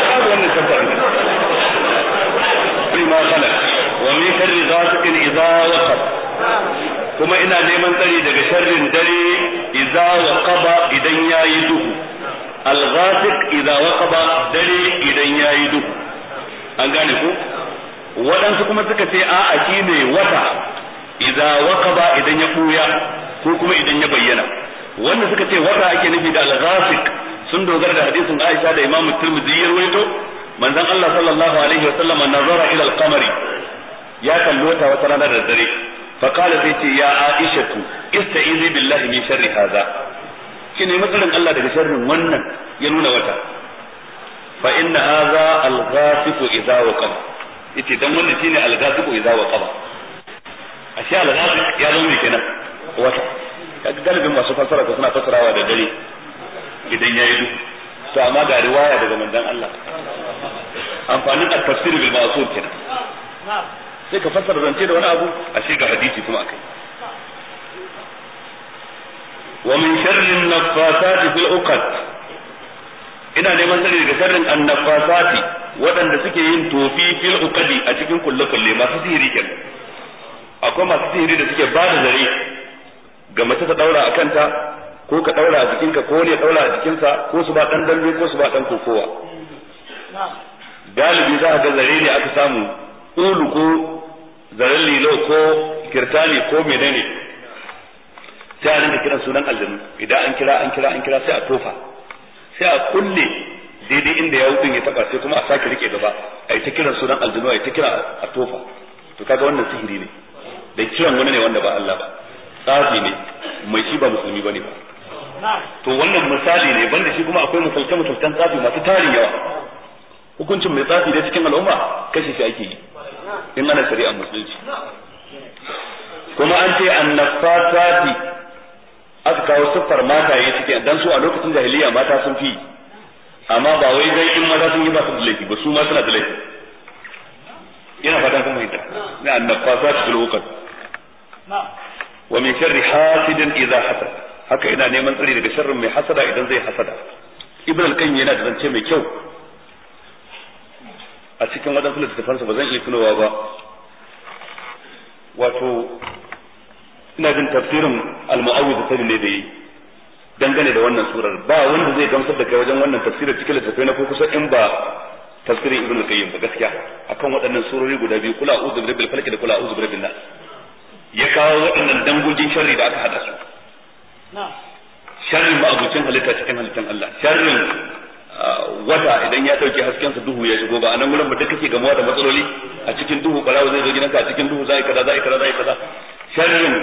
babu wannan tabbar ma kala wa min sharri ghasiqin idza kuma ina neman tsari daga sharrin dare idza waqaba idan yayi duhu al-ghafiq idza waqaba dare idan yayi duhu an gane ko waɗansu kuma suka ce a a shine wata idza waqaba idan ya buya ko kuma idan ya bayyana wanda suka ce wata ake nufi da al-ghafiq sun dogara da hadisin Aisha da Imam Tirmidhi ya rawaito manzon Allah sallallahu alaihi wasallam nazara ila al-qamari ya kalli wata wata rana da dare fa qala ce ya aishatu ista'izi billahi min sharri hadha ki nemi tsarin Allah daga sharrin wannan ya nuna wata fa inna hadha al-ghasiqu idza waqaba yace dan wannan shine al-ghasiqu idza waqaba ashe al-ghasiq ya zo kenan wata kaga galibin masu fassara ko suna fassarawa da dare idan yayi duhu to amma daga manzon Allah amfanin a tafsir bil sai ka fassara zance da wani abu shi ga hadisi kuma akai wa min sharrin nafasati fil uqad ina neman sani daga sharrin annafasati waɗanda suke yin tofi fil uqad a cikin kulle kulle masu sihiri kenan akwai masu sihiri da suke ba da zare ga mace ta daura a kanta ko ka daura a jikinka ko ne daura a jikinsa ko su ba dan dambe ko su ba dan kokowa galibi za ka ga zare ne aka samu ulu ko zaren lilo ko kirtani ko menene sai a rinka kiran sunan aljanu idan an kira an kira an kira sai a tofa sai a kulle daidai inda ya wuce ya taba sai kuma a sake rike gaba a ta kiran sunan aljanu a ta kira a tofa to kaga wannan sihiri ne da kiran wani ne wanda ba Allah ba tsafi ne mai shi ba musulmi bane ba to wannan misali ne banda shi kuma akwai misalce misalcen tsafi masu tarin yawa hukuncin mai tsafi da cikin al'umma kashe shi ake yi in ana shari'a musulunci kuma an ce annafasati aka kawo siffar yi suke dan su a lokacin jahiliya mata sun fi amma ba wai dai in maza sun yi ba su da laifi ba su ma suna da laifi ina fatan kun fahimta na annafasati fil uqad wa min sharri hasidin idza hasad haka ina neman tsari daga sharrin mai hasada idan zai hasada ibn al-qayyim yana da zance mai kyau a cikin waɗansu littattafansa ba zan iya tunowa ba wato ina jin tafsirin al-mu'awwidh sabin ne da yi dangane da wannan surar ba wanda zai gamsar da kai wajen wannan tafsirin cikin littattafai na ko kusa in ba tafsirin ibn al-qayyim ba gaskiya akan waɗannan surori guda biyu kula a'udhu bi rabbil falaq da kula a'udhu bi rabbin nas ya kawo waɗannan dangogin sharri da aka hada su sharrin ba abucin halitta cikin halittan Allah sharrin wata idan ya dauke hasken sa duhu ya shigo ba anan gurin ba duk kake gamuwa da matsaloli a cikin duhu barawo zai zo gidanka a cikin duhu zai kaza zai kaza zai kaza sharrin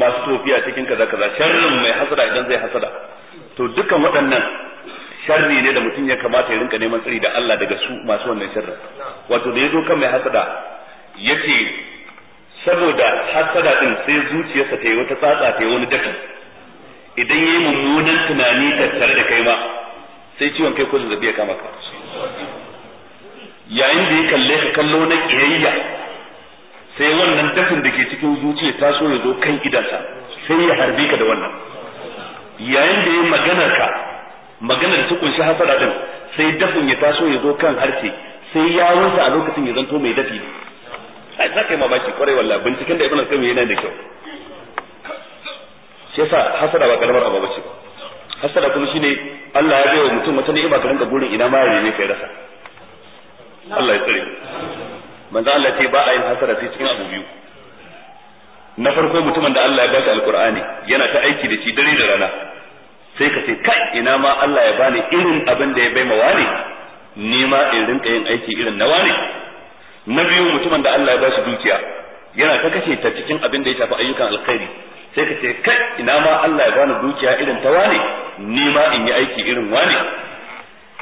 masu tofiya cikin kaza kaza sharrin mai hasada idan zai hasada to dukan waɗannan sharri ne da mutum ya kamata ya rinka neman tsari da Allah daga su masu wannan sharri wato da ya zo kan mai hasada yace saboda hasada din sai zuciyarsa ta yi wata tsatsa ta yi wani dafi idan yayi mummunan tunani tattare da kai ma sai ciwon kai ko zazzabi ya kama ka yayin da ya kalle ka kallo na kiyayya sai wannan dafin da ke cikin zuciya ta so ya zo kan gidansa sai ya harbe ka da wannan yayin da ya magana ka maganar ta kunshi hasara din sai dafin ya taso ya zo kan harshe sai ya wuce a lokacin ya zanto mai dafi ai sa kai mamaki kwarai wallahi binciken da ibn al-qayyim yana da kyau shi yasa hasara ba karamar abu bace hasada kuma shine Allah ya bai wa mutum wata ni'ima ka rinka burin ina ma ya ne kai rasa Allah ya tsare manzo Allah ce ba a yin hasada sai cikin abu biyu na farko mutumin da Allah ya ba shi alqur'ani yana ta aiki da shi dare da rana sai ka ce kai ina ma Allah ya bani irin abin da ya bai ma wani ni ma in rinka yin aiki irin na wani na biyu mutumin da Allah ya ba shi dukiya yana ta kashe ta cikin abin da ya shafi ayyukan alkhairi sai ka ce kai ina ma Allah ya bani dukiya irin ta wane ni ma in yi aiki irin wane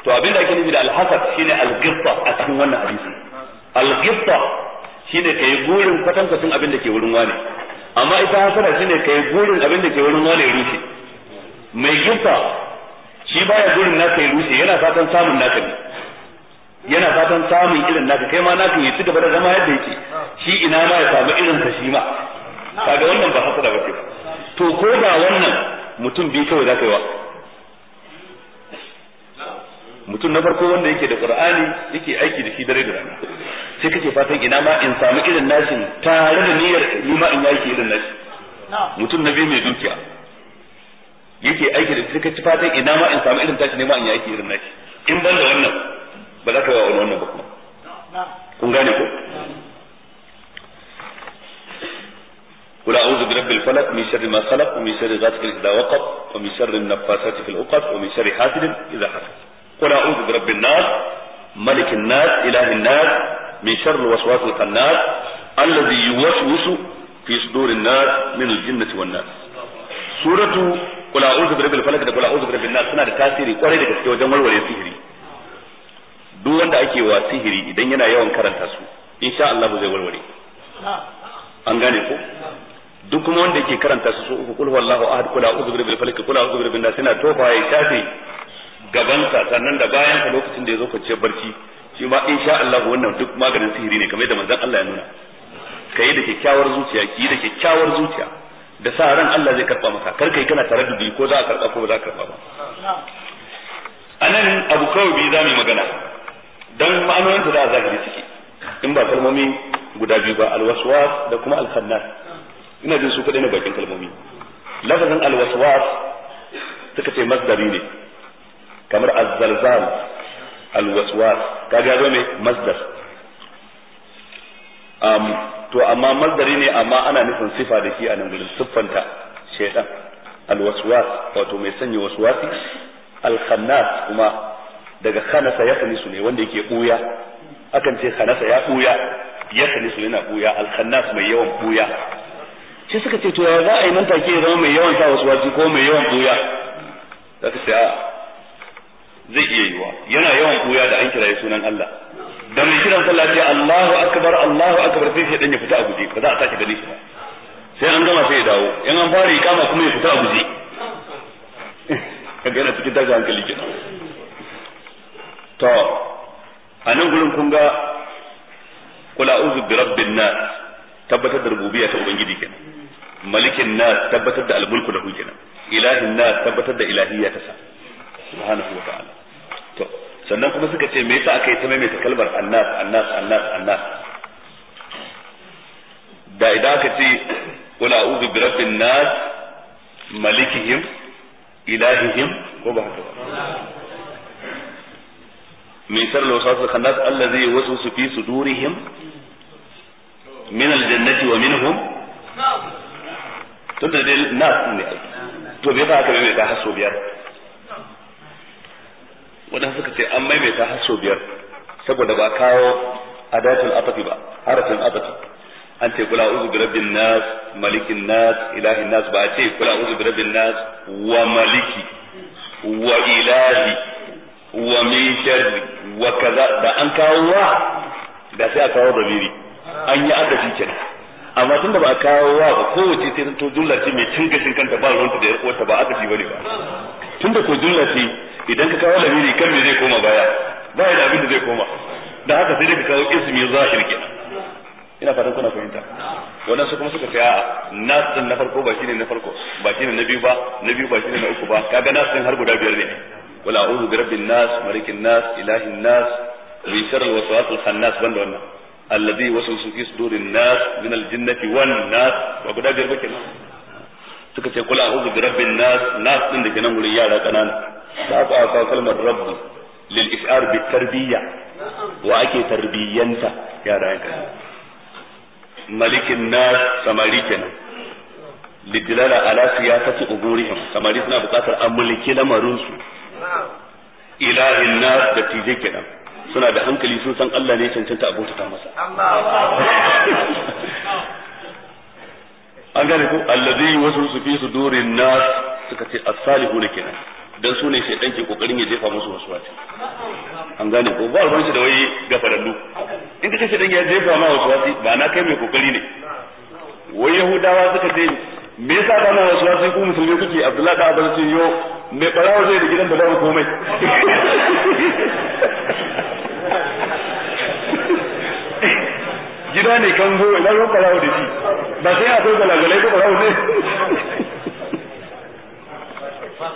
to abin da ake nufi da alhasad shine algifta a cikin wannan hadisi algifta shine kai gurin sun abin da ke wurin wane amma ita hasada shine kai gurin abin da ke wurin wane rufe mai gifta shi baya gurin naka ya rufe yana fatan samun naka ne yana fatan samun irin naka kai ma naka ya ci gaba da zama yadda yake shi ina ma ya samu irin sa shi ma kaga wannan ba hasada ba ce to ko ba wannan mutum bi kawai za ka yi wa mutum na farko wanda yake da qur'ani yake aiki da shi dare da rana sai kake fatan ina ma in samu irin nashin tare da niyyar ni ma in yake irin nashi mutum na biyu mai dukiya yake aiki da sai kake fatan ina ma in samu irin tashi ne ma in yake irin nashi in ban da wannan ba za ka yi wa wani wannan ba kuma kun gane ko قل أعوذ برب الفلق من شر ما خلق ومن شر غاسق إذا وقب ومن شر النفاثات في العقد ومن شر حاسد إذا حسد قل أعوذ برب الناس ملك الناس إله الناس من شر الوسواس الخناس الذي يوسوس في صدور الناس من الجنة والناس سورة قل أعوذ برب الفلق da قل أعوذ برب الناس suna da tasiri kwarai da gaske wajen warware sihiri duk wanda ake wa sihiri idan yana yawan karanta su insha Allah zai warware an gane ko duk kuma wanda yake karanta su uku kul wallahu ahad kul a'udhu birabbil falak kul a'udhu birabbin nas ina tofa ya tafi ka sannan da ka lokacin da ya zo ce barci shi ma insha Allah wannan duk maganin sihiri ne kamar yadda manzon Allah ya nuna kai da kyakkyawar zuciya ki da kyakkyawar zuciya da sa ran Allah zai karba maka kar kai kana tare da bi ko za a karba ko ba za a karba ba anan abu kawai za mu magana dan ma'anonin da za a zahiri ciki in ba kalmomi guda biyu ba alwaswas da kuma alkhannas ina jin su kadai na bakin kalmomi lafazin alwaswas suka ce masdari ne kamar azzalzal alwaswas kaga ga ne masdar um, to amma masdari ne amma ana nufin sifa da shi a nan gurin siffanta shaytan alwaswas wato mai sanya waswasi alkhannas kuma daga khanasa ya su ne wanda yake buya akan ce khanasa ya buya ya su yana buya alkhannas mai yawan buya sai suka ce to ya za a yi nan take ya zama mai yawan sa wasu wasu ko mai yawan buya za ka a zai iya yiwa yana yawan buya da an kiraye sunan Allah da mai kiran sallah sai Allahu akbar Allahu akbar sai dan ya fita a guje ba za a sake gani shi ba sai an gama sai ya dawo in an fara kama kuma ya fita a guje kaga yana cikin daga hankali kenan to a nan gurin kun ga kula uzu bi rabbin nas tabbatar da rububiyya ta ubangiji kenan malikin na tabbatar da almulku da kenan ilahin na tabbatar da ilahiyya ta sa subhanahu wa ta'ala to sannan kuma suka ce me yasa aka yi ta maimaita kalmar annas annas annas annas da idan aka ce qul a'udhu bi rabbin nas malikihim ilahihim ko ba haka ba min sharri waswas khannas allazi yuwaswisu fi sudurihim min aljannati wa minhum tun da dai su ne ai to bai haka bai ta har sau biyar wadanda suka ce an mai har sau biyar saboda ba kawo adatul afati ba harafin afati an ce kula uzu bi rabbin nas malikin nas ilahin nas ba a ce kula uzu bi rabbin nas wa maliki wa ilahi wa min sharri wa kaza da an kawo wa da sai a kawo dabiri an yi adashi kenan amma tun da ba a kawo wa ba kowace sai to jumla ce mai cin gashin kanta ba ruwanta da ta ba aka ci bane ba tun da ko jumla ce idan ka kawo lamiri kan me zai koma baya ba da abin da zai koma da haka sai dai ka kawo ismi zahir kenan ina fatan kuna fahimta wadansu kuma suka ce na san na farko ba shine na farko ba shine na biyu ba na biyu ba shine na uku ba kaga nas har guda biyar ne wala a'udhu bi rabbin nas malikin nas ilahin nas bi sharri waswasil khannas banda wannan alladhi wasawsu fi sudurin nas min aljinnati wan nas Wa guda biyar ba kenan suka ce kula a'udhu bi rabbin nas nas din da kenan gurin yara kanana da aka aka kalmar rabbi lil ishar bi tarbiyya wa ake tarbiyyanta yara kanana malikin nas samari kenan lidilala ala siyasati uburihim samari suna bukatar a mulki lamarinsu ilahin nas da tije kenan suna da hankali sun san Allah ne cancanta a bautata masa an gane ko yi wasu su fi dore na suka ce as-salihun kenan dan su ne shaidan ke kokarin ya jefa musu wasu wata an gane ko ba ruwan da wai gafarallu in ce shaidan ya jefa ma wasu wata ba na kai mai kokari ne wai yahudawa suka ce me yasa ba na wasu wata ko musulmi kuke abdullahi da abbas ce yo me barawo zai da gidan da babu komai gida ne kan zo idan yau fara da shi ba sai akwai galagalai ko fara ne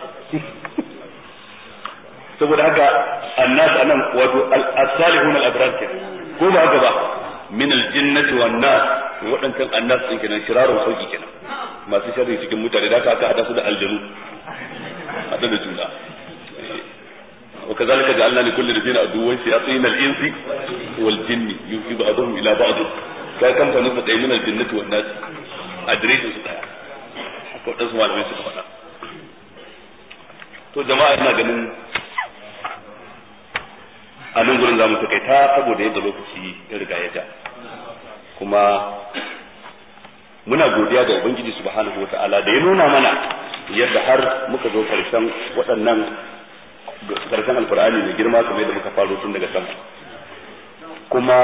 saboda haka annas anan wato as-salihun al-abrar ke ko ba haka ba min al-jinnati wan nas wadannan annas din kenan shirarun sauki kenan masu sharri cikin mutane da aka hada su da aljanu hada da juna وكذلك جعلنا لكل الذين عدوا شياطين الانس والجن يوحي بعضهم الى بعض ka kanta nufa ɗaya min ادريت wa nasi adireshin su faɗa to jama'a yana ganin a nan gurin za takaita saboda yadda lokaci ya kuma muna godiya ga ubangiji subhanahu wa ta'ala da ya nuna mana yadda har muka zo karshen waɗannan karshen alkur'ani mai girma kamar yadda muka faro tun daga sama kuma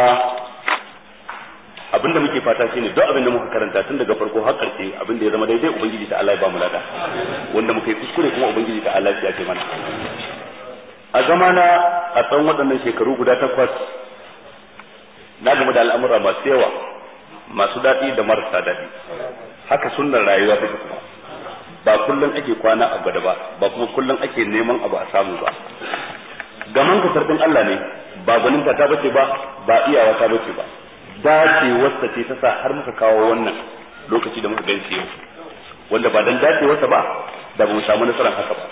abinda muke fata shine duk abinda muka karanta tun daga farko har karshe abinda ya zama daidai ubangiji ta Allah ya ba mu lada wanda muka yi kuskure kuma ubangiji ta Allah ya ce mana a zamana a tsawon waɗannan shekaru guda takwas na game da al'amura masu yawa masu daɗi da marasa daɗi haka sunnar rayuwa take kuma ba kullum ake kwana a gwada ba ba kuma kullum ake neman abu a samu ba gaman ka sarkin Allah ne ba gwanin ta bace ba ba iyawa ta bace ba dacewarsa ce ta sa har muka kawo wannan lokaci da muka ganci yau wanda ba dan dacewarsa ba da ba mu samu nasarar haka ba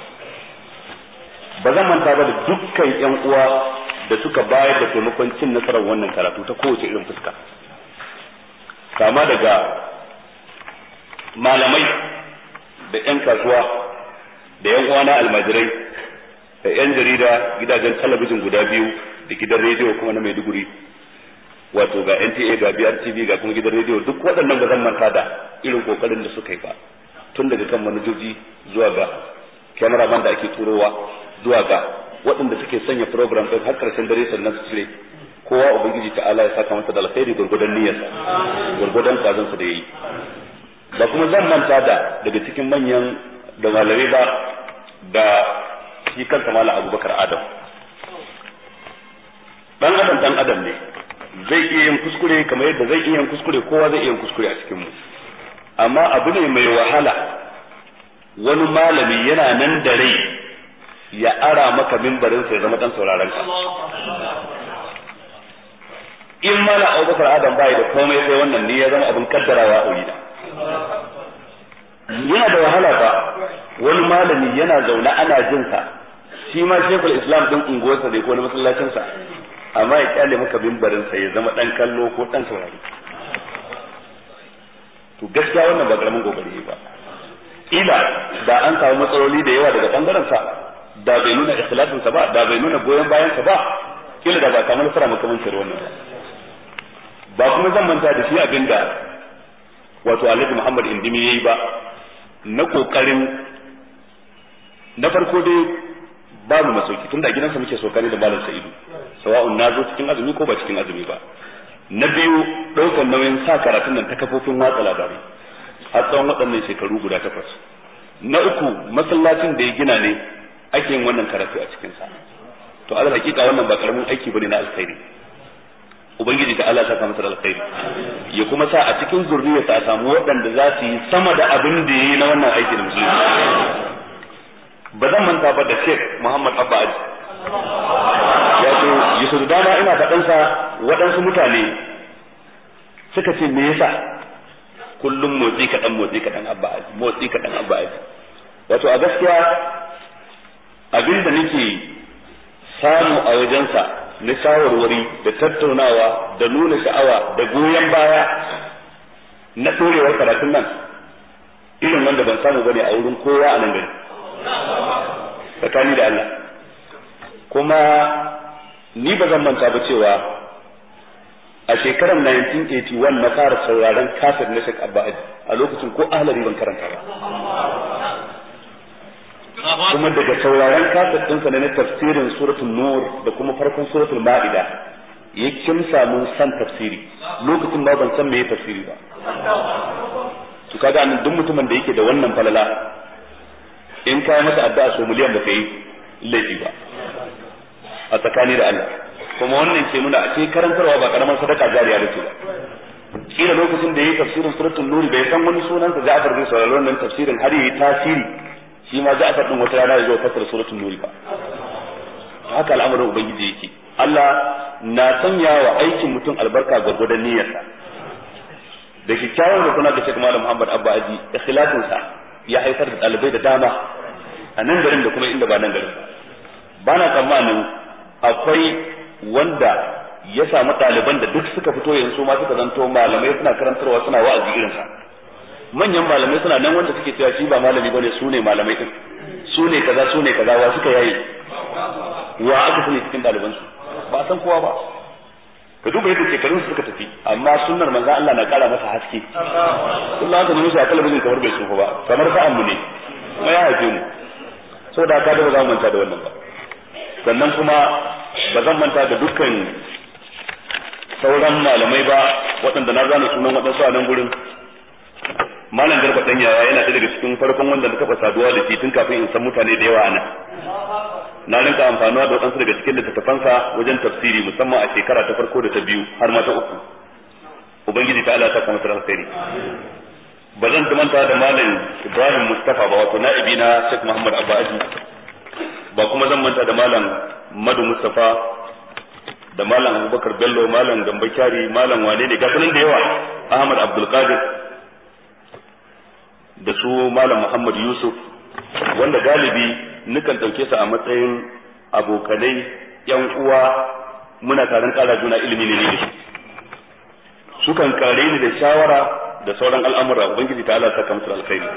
ba zan manta ba da dukkan yan uwa da suka bayar da taimakon cin nasarar wannan karatu ta kowace irin fuska kama daga malamai da yan kasuwa da yan uwana almajirai da yan jarida gidajen talabijin guda biyu da gidan rediyo kuma na Maiduguri wato ga NTA ga BRTV ga kuma gidan rediyo duk waɗannan ba zan manta da irin kokarin da suka yi ba tun daga kan manajoji zuwa ga kyamaraman da ake turowa zuwa ga waɗanda suke sanya program ɗin har ƙarshen dare sannan su cire kowa ubangiji ta'ala ya saka masa da alkhairi gurgudan niyyarsa gurgudan kazansa da yi. ba kuma zan manta da daga cikin manyan da malamai ba da shi kanta mala abubakar adam dan adam dan adam ne zai iya yin kuskure kamar yadda zai iya yin kuskure kowa zai iya yin kuskure a cikin mu amma abu ne mai wahala wani malami yana nan da rai ya ara maka mimbarin sai zama dan sauraron ka in mala abubakar adam bai da komai sai wannan ne ya zama abin kaddarawa a wurina yana da wahala ba wani malami yana zaune ana jin sa shi ma shekul islam din unguwarsa ne ko na masallacin sa amma ya kyale maka mimbarin sa ya zama dan kallo ko dan saurari to gaskiya wannan ba karamin gobe ba ila da an samu matsaloli da yawa daga bangaren sa da bai nuna ikhlasin sa ba da bai nuna goyon bayan sa ba kila da ba samu nasara makamancin wannan ba ba kuma zan manta da shi abinda wato alhaji muhammad indimi ya yi ba na kokarin na farko dai ba mu masauki tunda a gidansa muke sokari da malam sa'idu sawa'un na zo cikin azumi ko ba cikin azumi ba na biyu ɗaukar nauyin sa karatun nan ta kafofin watsa labarai har tsawon waɗannan shekaru guda takwas na uku masallacin da ya gina ne ake yin wannan karatu a cikinsa to alal hakika wannan ba karamin aiki bane na alkhairi ubangiji ta Allah saka masa alkhairi ya kuma sa a cikin zurriya ta samu waɗanda za su yi sama da abin da yayi na wannan aiki da musulunci ba zan manta ba da Sheikh Muhammad Abba Aji wato yusuf dama ina faɗan sa waɗansu mutane suka ce me yasa kullum motsi kaɗan motsi kaɗan Abba Aji motsi kaɗan Abba Aji wato a gaskiya abin da nake samu a wajensa na shawarwari da tattaunawa da nuna sha'awa da goyon baya na ɗorewar karatun nan irin wanda ban samu bane a wurin kowa a nan gari tsakani da Allah kuma ni ba zan manta ba cewa a shekarar 1981 na fara sauraron kafir na Sheikh Abba a lokacin ko ahlari ban karanta ba kuma daga sauraron kasar ɗinsa ne na tafsirin suratul nur da kuma farkon suratul ma'ida ya kimsa mun san tafsiri lokacin ba ban san me tafsiri ba to kaga an duk mutumin da yake da wannan falala in kai masa addu'a so miliyan ba kai laifi ba a tsakani da Allah kuma wannan ke nuna a ce karantarwa ba karamar sadaka jariya da ce ba kila lokacin da yayi tafsirin suratul nur bai san wani sunan za a bin sauraron nan tafsirin har yayi tasiri shi ma a faɗin wata rana zai fassara suratul nuri ba haka al'amarin ubangiji yake Allah na sanya wa aikin mutum albarka gwargwadon niyyarsa da kyakkyawan da kuna da Sheikh Malam Muhammad Abba Aji ikhlasin sa ya haifar da dalibai da dama a nan garin da kuma inda ba nan garin ba na tsammanin akwai wanda ya samu ɗaliban da duk suka fito yanzu ma suka zanto malamai suna karantarwa suna wa'azi irin sa. manyan malamai suna nan wanda suke cewa shi ba malami bane su ne malamai din su ne kaza su ne kaza wa suka yayi wa aka sani cikin ɗaliban su ba san kowa ba ka duba yadda shekarun su suka tafi amma sunnar manzo Allah na kara masa haske Allah aka nuna shi a talabijin kamar bai tsufa ba kamar sa'an mu ne kuma ya haife mu saboda ka da ba za mu manta da wannan ba sannan kuma ba zan manta da dukkan sauran malamai ba waɗanda na zana sunan waɗansu a nan gurin malam garba dan yawa yana da daga cikin farkon wanda na taba saduwa da shi tun kafin in san mutane da yawa ana na rinka amfanuwa da wadansu daga cikin littattafansa wajen tafsiri musamman a shekara ta farko da ta biyu har ma ta uku ubangiji ta Allah ta kuma tsara sai ba zan manta da malam Ibrahim Mustafa ba wato na'ibi na Sheikh Muhammad aji ba kuma zan manta da malam Madu Mustafa da malam Abubakar Bello malam Gambo malam Wane ne ga da yawa Ahmad Abdul Qadir da su malam Muhammad Yusuf wanda galibi nukan ɗauke su a matsayin abokanai yan uwa muna taron ƙara juna ilimi ne ne sukan kare ni da shawara da sauran al'amura ubangiji ta Allah saka musu alkhairi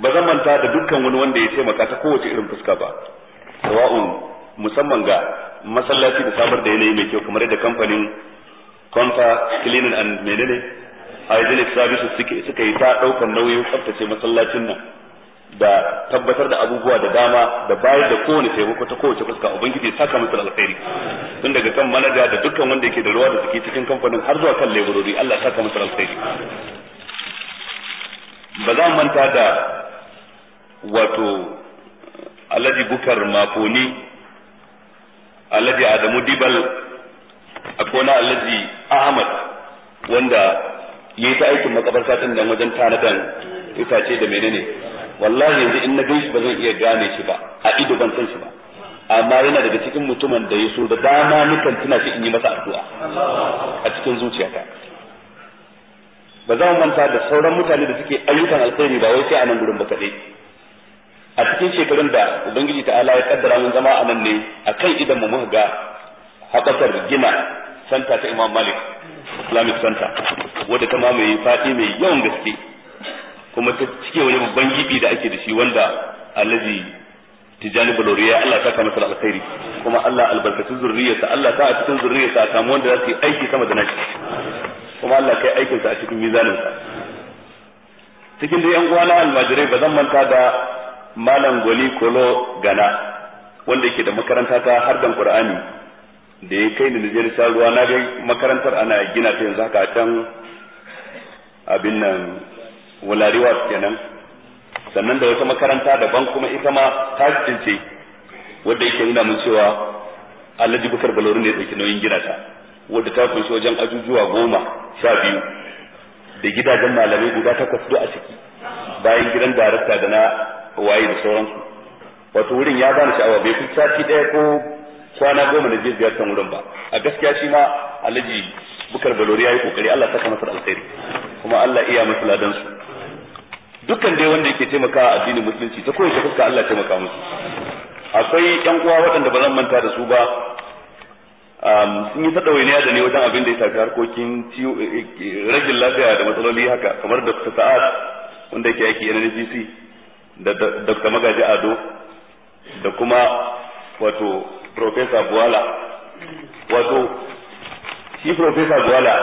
ba zan manta da dukkan wani wanda ya taimaka ta kowace irin fuska ba sawa'un musamman ga masallaci da samar da yanayi mai kyau kamar da kamfanin Comfort Cleaning and menene hydraulic services suke suka yi ta ɗaukar nauyin tsaftace masallacin nan da tabbatar da abubuwa da dama da bayar da kowane taimako ta kowace fuska ubangiji ya saka musu alkhairi tun daga kan manaja da dukkan wanda yake da ruwa da suke cikin kamfanin har zuwa kan leburori Allah ya saka musu alkhairi ba za mu manta da wato alhaji bukar makoni alhaji adamu dibal akwai na alhaji ahmad wanda yayi ta aikin makabarta ɗin dan wajen da itace da menene wallahi yanzu in na gaisu ba zan iya gane shi ba a ido ban san shi ba amma yana daga cikin mutumin da ya so da dama nukan tuna shi in yi masa addu'a a cikin zuciyata ba za mu manta da sauran mutane da suke ayyukan alkhairi ba wai sai a nan gurin ba kaɗai a cikin shekarun da ubangiji ta ala ya kaddara mun zama a nan ne akan idan mu muka ga haɓakar gina santa ta imam malik islamic center wadda ta mamaye faɗi mai yawan gaske kuma ta cike wani babban gibi da ake da shi wanda alhaji tijani baloriya Allah ta kama masa alkhairi kuma Allah albarkatun zurriyarsa Allah ta a cikin zurriyarsa a samu wanda za su yi aiki sama da nashi kuma Allah kai aikinsa a cikin sa cikin da yan uwana almajirai ba zan manta da malam goli kolo gana wanda yake da makaranta ta hardan qur'ani da ya kai ni da sha ruwa na dai makarantar ana gina ta yanzu haka can abin nan wulariwa kenan sannan da wata makaranta daban kuma ita ma ta ce wadda yake nuna mun cewa Alhaji Bukar Balori ne ya nauyin gina ta wadda ta kunshi wajen ajujuwa goma sha biyu da gidajen malamai guda takwas duk a ciki bayan gidan darakta da na waye da sauransu wato wurin ya bani sha'awa bai fi sati ɗaya ko kwana goma na jiya ziyartar wurin ba a gaskiya shi ma alhaji bukar balori yayi kokari Allah saka masa alkhairi kuma Allah iya masa ladan su dukkan dai wanda yake taimakawa addinin musulunci ta kowace fuska Allah taimaka musu akwai yan uwa waɗanda ba zan manta da su ba sun yi ta da ne wajen abin da ya tafi harkokin ragin lafiya da matsaloli haka kamar da sa'ad wanda yake aiki NNPC da Dr. Magaji Ado da kuma wato profesa buwala wato shi profesa buwala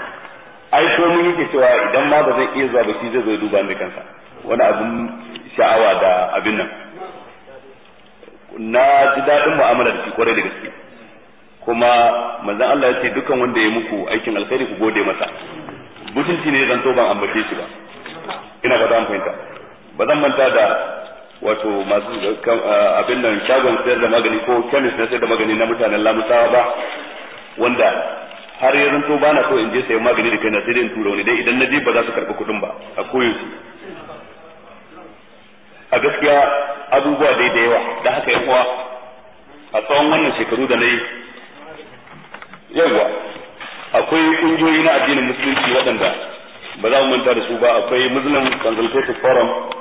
ai so mun yake cewa idan ma ba zai iya zuwa ba shi zai zo duba ni kansa wani abin sha'awa da abin nan na ji daɗin mu'amala da shi kwarai da gaske kuma manzon Allah ya ce dukkan wanda ya muku aikin alkhairi ku gode masa mutunci ne zan to ban ambace shi ba ina ba zan fahimta ba zan manta da wato masu abin nan shagon sayar da magani ko kemis na sayar da magani na mutanen lamusawa ba wanda har ya zanto ba na so in je sayan magani da kaina sai dai in tura wani dai idan na je ba za su karɓi kuɗin ba a koyaushe a gaskiya abubuwa dai da yawa da haka ya kuwa a tsawon wannan shekaru da na yi yawa akwai ƙungiyoyi na addinin musulunci waɗanda ba za mu manta da su ba akwai muslim consultative forum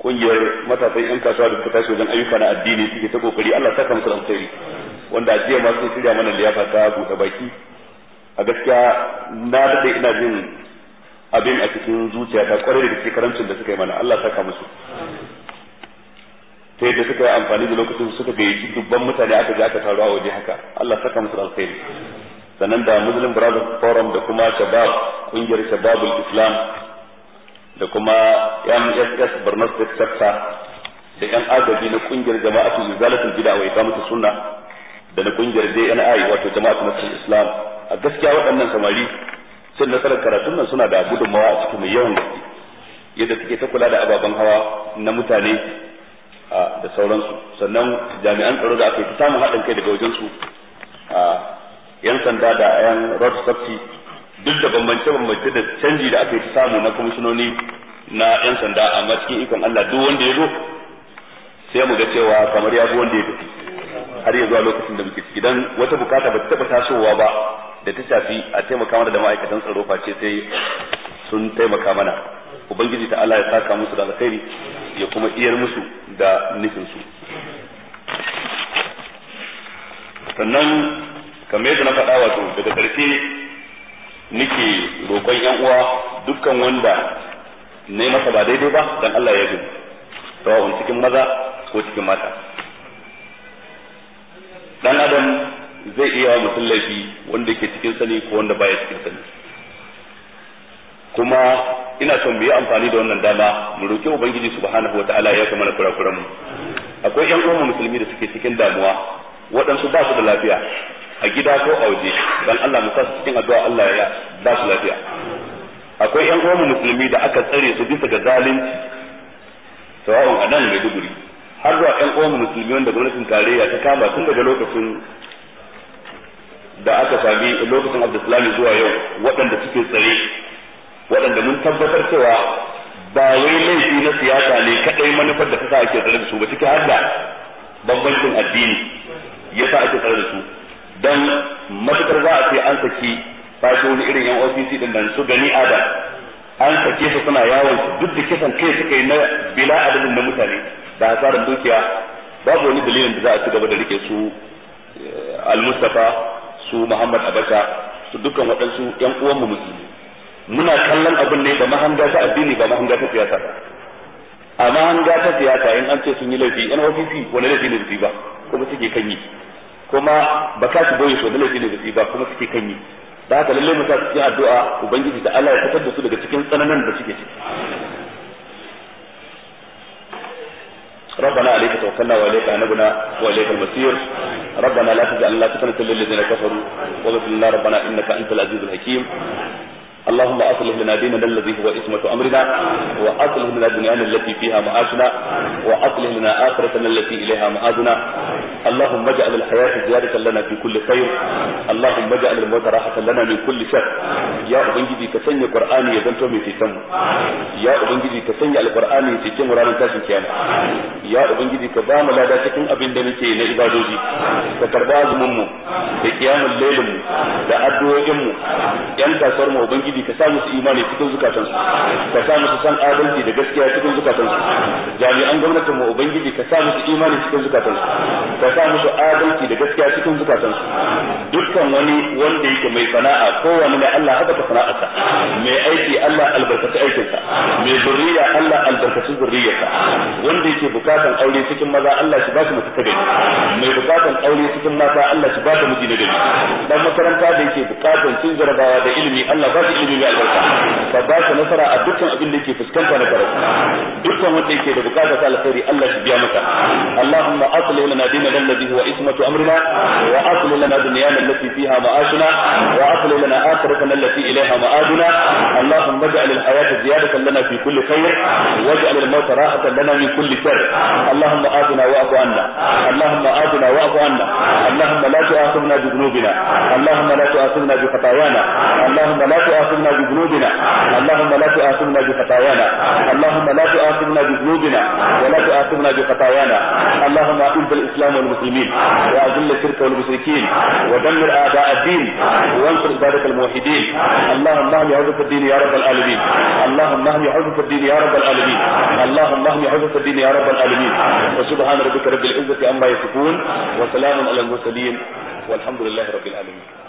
kungiyar matasan yan kasuwa da suka tashi wajen ayyuka na addini suke ta kokari Allah saka musu alkhairi wanda ajiya ma sun shirya mana liyafa ta buɗe baki a gaskiya na daɗe ina jin abin a cikin zuciya ta kwarai da cikin karancin da suka yi mana Allah saka musu ta yadda suka yi amfani da lokacin suka gayyaci dubban mutane aka je aka taru a waje haka Allah saka musu alkhairi sannan da Muslim Brothers Forum da kuma Shabab kungiyar Shababul Islam da kuma MSS Borno State Sector da yan agaji na kungiyar jama'atu zalatul bid'a wa iqamatu sunna da na kungiyar JNI wato jama'atu nasrul islam a gaskiya waɗannan samari sun nasarar karatun nan suna da gudunmawa a cikin mai yawan gaske yadda suke ta kula da ababen hawa na mutane da sauransu sannan jami'an tsaro da aka yi ta samun haɗin kai daga wajensu yan sanda da yan road safety duk da bambance bambance da canji da aka yi samu na kwamishinoni na yan sanda amma cikin ikon Allah duk wanda ya zo sai mu ga cewa kamar ya wanda ya tafi har ya zuwa lokacin da muke ciki dan wata bukata ba ta taba tasowa ba da ta shafi a taimaka mana da ma'aikatan tsaro face sai sun taimaka mana ubangiji ta Allah ya saka musu da alkhairi ya kuma iyar musu da nufin su sannan kamar yadda na faɗa wato daga ƙarshe nike roƙon yan uwa dukkan wanda ne masa ba daidai ba dan Allah ya gudu sawa'un cikin maza ko cikin mata dan adam zai iya wa mutum laifi wanda ke cikin sani ko wanda baya cikin sani kuma ina son mu yi amfani da wannan dama mu roƙi ubangiji subhanahu wataala ya kama na kurakuran mu akwai yan uwa musulmi da suke cikin damuwa waɗansu ba su da lafiya a gida ko a waje dan Allah mu sa su cikin addu'a Allah ya ba su lafiya akwai yan uwan musulmi da aka tsare su bisa ga zalunci sawa'un a nan Maiduguri har zuwa yan uwan musulmi wanda gwamnatin tarayya ta kama tun daga lokacin da aka sami lokacin Abdulsalami zuwa yau waɗanda suke tsare waɗanda mun tabbatar cewa ba wai laifi na siyasa ne kadai manufar da ta sa ake tsare da su ba cikin har da bambancin addini yasa ake tsare da su dan matukar za a ce an saki fashi wani irin yan ofisi din nan su gani ada an sake su suna yawon su duk da kisan kai suka yi na bila adadin na mutane da hasarar dukiya babu wani dalilin da za a ci gaba da rike su eh, al-mustafa su muhammad abacha su dukkan waɗansu yan uwanmu musulmi muna kallon abin ne ba mahanga ta addini ba mahanga ta siyasa a mahanga ta siyasa in an ce sun yi laifi yan ofisi wani laifi ne ba kuma suke kan yi kuma ba ka ci boye so da laifi ne da ba kuma suke kan yi da haka lallai mu sa su cikin addu'a ubangiji da Allah ya fitar da su daga cikin tsananan da suke ciki ربنا عليك توكلنا وإليك أنبنا وإليك المسير ربنا لا تجعلنا فتنه للذين كفروا واغفر لنا ربنا إنك أنت العزيز الحكيم اللهم اصلح لنا ديننا الذي هو عصمة امرنا واصلح لنا دنيانا التي فيها معاشنا واصلح لنا اخرتنا التي اليها معادنا اللهم اجعل الحياة زيادة لنا في كل خير اللهم اجعل الموت راحة لنا من كل شر يا ubangiji ka sanya qur'ani ya zanto mai ceton ya ubangiji ka sanya alqur'ani cikin ranar tashin kiyama ya ubangiji ka ba lada cikin abin da muke na ibadoji ka karba azumin mu da kiyamul mu da yan kasuwar mu ubangiji ka sa musu imani cikin zukatan su ka sa musu san adalci da gaskiya cikin zukatan su jami'an gwamnatin mu ubangiji ka sa musu imani cikin zukatan su ka sa musu adalci da gaskiya cikin zukatan su dukkan wani wanda yake mai sana'a kowanne ne Allah haka ta sana'arsa mai aiki Allah albarkaci sa mai zurriya Allah albarkaci zurriyarsa wanda yake bukatan aure cikin maza Allah shi ba shi mutu ta gani mai bukatan aure cikin mata Allah shi ba shi miji na gani dan makaranta da yake bukatan cin jarabawa da ilimi Allah ba shi ilimi mai albarka ka ba shi nasara a dukkan abin da yake fuskanta na karatu dukkan wanda yake da bukata ta alheri Allah shi biya maka Allahumma aslih lana dinana alladhi huwa ismatu amrina wa aslih lana dunyana allati fiha ma'ashuna wa aslih lana akhiratana allati ilayha ma'aduna Allahumma ij'al al-hayata ziyadatan lana fi kulli khair waj'al al-maut rahatan lana min kulli shar Allahumma atina wa'fu anna Allahumma atina wa'fu anna Allahumma la tu'akhidhna bi dhunubina Allahumma la tu'akhidhna bi khatayana Allahumma la tu'akhidhna تؤاخذنا بذنوبنا اللهم لا تؤاخذنا بخطايانا اللهم لا تؤاخذنا بذنوبنا ولا تؤاخذنا بخطايانا اللهم اعز الاسلام والمسلمين واذل الشرك والمشركين ودمر اعداء الدين وانصر عبادك الموحدين اللهم اهل حفظ الدين يا رب العالمين اللهم اللهم حفظ الدين يا رب العالمين اللهم اللهم حفظ الدين يا رب العالمين وسبحان ربك رب العزه عما يصفون وسلام على المرسلين والحمد لله رب العالمين